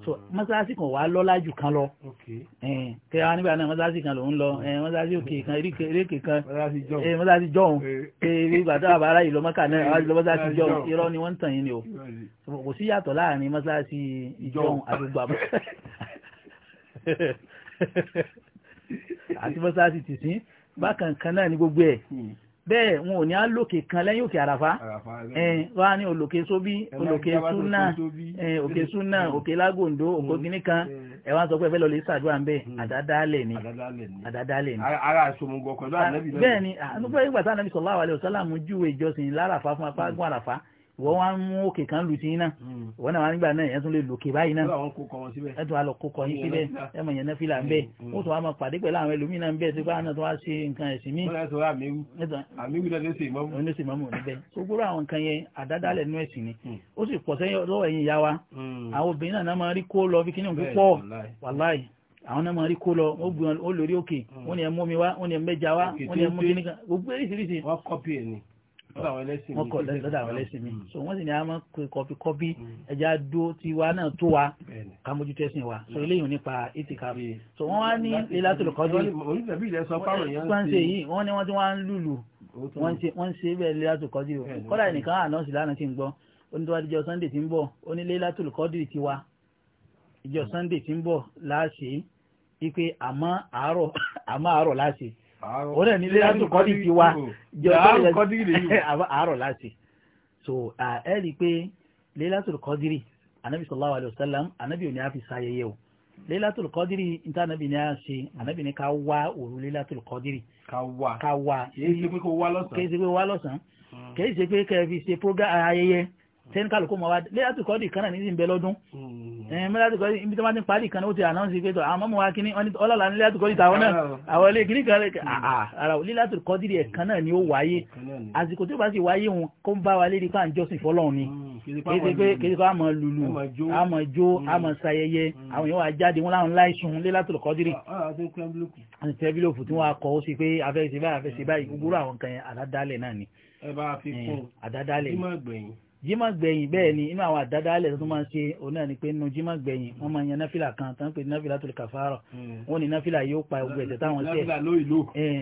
so mm. mọ́sálásí kan wà á lọ́lá jù kan lọ. kí wọ́n nígbà náà mọ́sálásí kan lòún lọ mọ́sálásí òkè kan eréke kan mọ́sálásí jọ̀hún eh, eh. eh, eré ìgbà tó àbára ìlọ mọ́ká náà àwọn ìlọ mọ́sálásí jọ̀hún irọ́ ni wọ́n ń tàn yín ni o kò sí yàtọ̀ láàrin mọ́sálásí ìjọ̀hún àdúgbò àbọ̀ àti mọ́sálásí bákan kan náà ni gbogbo ẹ̀ hmm. bẹ́ẹ̀ wọn ò ní á lòkè kan lẹ́yìn òkè àràfá wọ́n á ní olòkè sóbí olòkè súnà òkè súnà hmm. òkè lágòǹdó òkè gíní hmm. kan ẹ wá sọ pé ẹ fẹ́ lọ ń bẹ̀ àdádálẹ̀ ni àdádálẹ̀ ni. ara àṣomùgọ̀ kan lọ́wọ́ ànábì ah, náà. bẹ́ẹ̀ ni àtúntò ah, ìgbà tí ànábì sallallahu alaihi wasallam júwe ìjọsìn láràfá fún apá gún àràfá wọ́n wá ń mú òkè kan lù tíyín náà hmm. wọ́n náà wá nígbà náà yẹn tún lè lòkè báyìí náà ẹ tún wá lọ kókọ yín síbẹ̀ ẹ mọ̀ yẹn náà fìlà ń bẹ̀ ó hmm, hmm. tún wá máa pàdé pẹ̀lú àwọn ẹlòmíín náà ń bẹ̀ sípò àwọn náà tún wá ṣe nǹkan ẹ̀sìn míì. àmìwí náà ló ṣe ìmọ̀mù. ló ṣe ìmọ̀mù níbẹ̀ gbogbo àwọn nǹkan yẹn àdádálẹ̀ nú ẹ̀sìn ni ó àwọn náà máa rí kó lọ bí gbìyànjú ó lórí òkè wọ́n ní ẹ mú mi wá wọ́n ní ẹ mẹ́ja wá wọ́n ní ẹ mú mi níkan gbogbo eréṣiríṣi. wọ́n kọ́pì ẹ̀ ni wọ́n kọ̀ lọ́dọ̀ àwọn ẹlẹ́sìn mi hmm. so wọ́n sì ní àwọn kọfí kọ́bí hmm. ẹja dúró tiwa náà tó wa ká mójútó ẹ̀sìn wa so hmm. eléyìí nípa itikaf so wọ́n wá ní Lailatul Qadr wọ́n ṣe yìí wọ́n ní wọ́n ti wá ń lùlù wọ́n ṣe bẹ́ẹ̀ Lailatul Qadr o kọ́dà nìkan àná sì lánàá ti ń gbọ́ onídọ́wádìjọ Sunday ti ń bọ̀ onílé Lailatul Qadr tiwa ìjọ Sunday ti ń bọ̀ láàṣẹ ipe àmọ́ àárọ̀ <laughs> òun náà ní lẹ́yìn kọ́dí ti wá àárọ̀ láti so ẹ rí i pé Laylatul Qadri anabi sallallahu alayhi wa sallam anabi òní àfi sáyẹyẹ o Laylatul Qadri níta anabi ní a ṣe anabi ní ká wá òru Laylatul Qadri. ká wá ká wá kì í ṣe pé kó wá lọ́sàn-án kì í ṣe pé hmm. kẹ́ ẹ fi ṣe ayẹyẹ tẹ́ni kálukú mọ̀ wá léyàtú kọ́dì ni náà ní ìbẹ̀ lọ́dún hmm. léyàtú kọ́dì ibi tó bá ti ń parí kan náà ó ti ànáǹsì pé àwọn ah, mọ́mọ́ wa kíní ọlọ́la ní léyàtú kọ́dì tàwọn náà ah. àwọn ilé kíní kan ah, hmm. ara léyàtú kọ́dì rẹ̀ kan náà ni o wáyé àsìkò tó bá sì wáyé wọn kó ń bá wa lérí pa àjọsìn fọlọ́run ni kéde pa àmọ́ lulu àmọ́ jó àmọ́ sayẹyẹ hmm. àwọn èèyàn wa jáde wọn láwọn láìsùn léyàtú kọ́dì rẹ̀ àti tẹ́bílòfù tí wọ́n jimá gbẹ̀yìn bẹ́ẹ̀ ni inú àwọn àdádálẹ̀ tó máa ń ṣe òun náà ni pé nínú jimá gbẹ̀yìn wọ́n máa yan náfìlà kan tán pé náfìlà tó lè kàfàárọ̀ hmm. wọ́n ní náfìlà yóò pa ogun ẹ̀jẹ̀ táwọn ṣe náfìlà ló ìlú eh,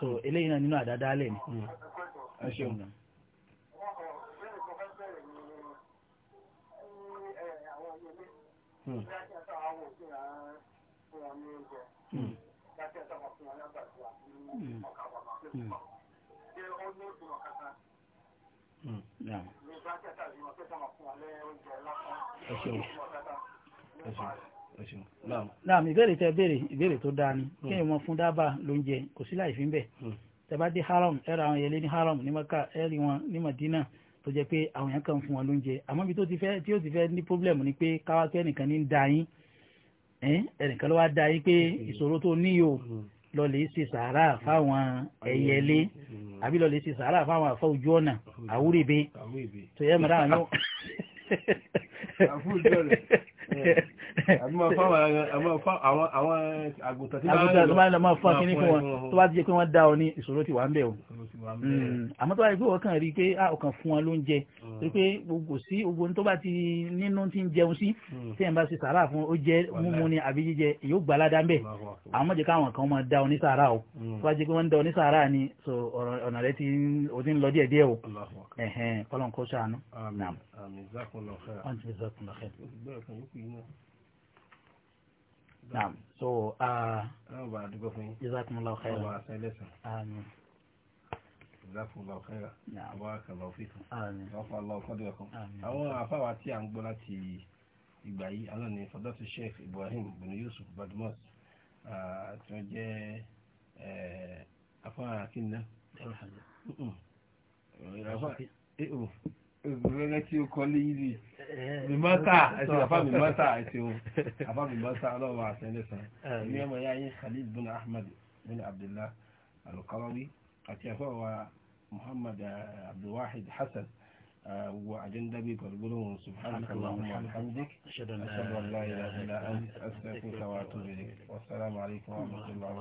so eléyìí náà nínú àdádálẹ̀ ni. Mm. Hmm láàmì mm, ìbéèrè tẹ béèrè ìbéèrè tó dáa ni kí ni wọn fún dábàá lóúnjẹ kò sí láì fi ń bẹ mm. tẹbá dé haram ẹ ra àwọn yẹlé ní haram ní maka ẹ rí wọn ní madina tó jẹ pé àwọn yẹn kàn fún wọn lóúnjẹ àmọ́ ibi tó ti fẹ́ tí ó ti fẹ́ ní pọblẹmù ni pé káwá pé ẹnìkan ní ń da yín ẹnìkan ló wá da yín pé mm. ìṣòro tó ní yìí o lọ́lẹ̀ ṣe sàárà fáwọn ẹ̀yẹlé mm. àbí lọ́lẹ̀ ṣe sàárà fáwọn àfọ ojú ọ̀nà àwúrẹ́bẹ tó yẹ mọ́ra <laughs> àwọn <laughs> àwọn àgùntàn tí máa ń fún akíní fún wọn tó bá ti jẹ́ pé wọ́n dá ọ ní ìṣòro ti wà ń bẹ̀ o mm. àmọ́ tó bá rí pé wọ́n kàn rí pé a ah, kàn fún wọn lóúnjẹ mm. rí pé gbogbo sí gbogbo tó bá ti nínú ti ń jẹun sí mm. tí ẹ̀ ń bá ṣe sàárà fún ó jẹ́ múmu ni àbí jíjẹ yóò gbà ládàá bẹ́ẹ̀ àwọn mọ̀jẹ̀ káwọn kan máa da ọ ní sàárà o tó bá jẹ́ pé wọ́n ń dá ọ ní sàárà ni ọ̀nà rẹ ti ń lọ díẹ̀díẹ̀ o kọ́lọ́n kó ṣàánú. àmín àmín zákùnlọ́kẹ́ ìwọ̀n. naam so. Uh, ọlọ́run bá dúpẹ́ fún yín. jazakumullahu khairan. ọlọ́run bá sẹ́ lẹ́sàn. àmín. jazakumullahu khairan. naam barakallahu àwọn afáwa tí à ń gbọ́ láti ìgbà yìí alọ́ ni sheikh ibrahim bin yusuf badmus uh, tí wọ́n jẹ́ afáwa kí òbúrẹ́rẹ́ tí ó kọ́ lé yìí mímọ́tà ẹ̀sìn àfá mímọ́tà ẹ̀sìn o <laughs> àfá mímọ́tà ọlọ́wọ́ àtẹ́lẹ́sàn ní ọmọ ya yín khalid bin ahmed bin abdullah alukalawi àti àfọwà muhammad eh, abdulwahid hasan eh, wo àjẹ́ndábí pẹ̀lúgbọ́n subhanakallahumma wa bihamdik ashhadu an la ilaha illa anta astaghfiruka wa atubu ilayk wassalamu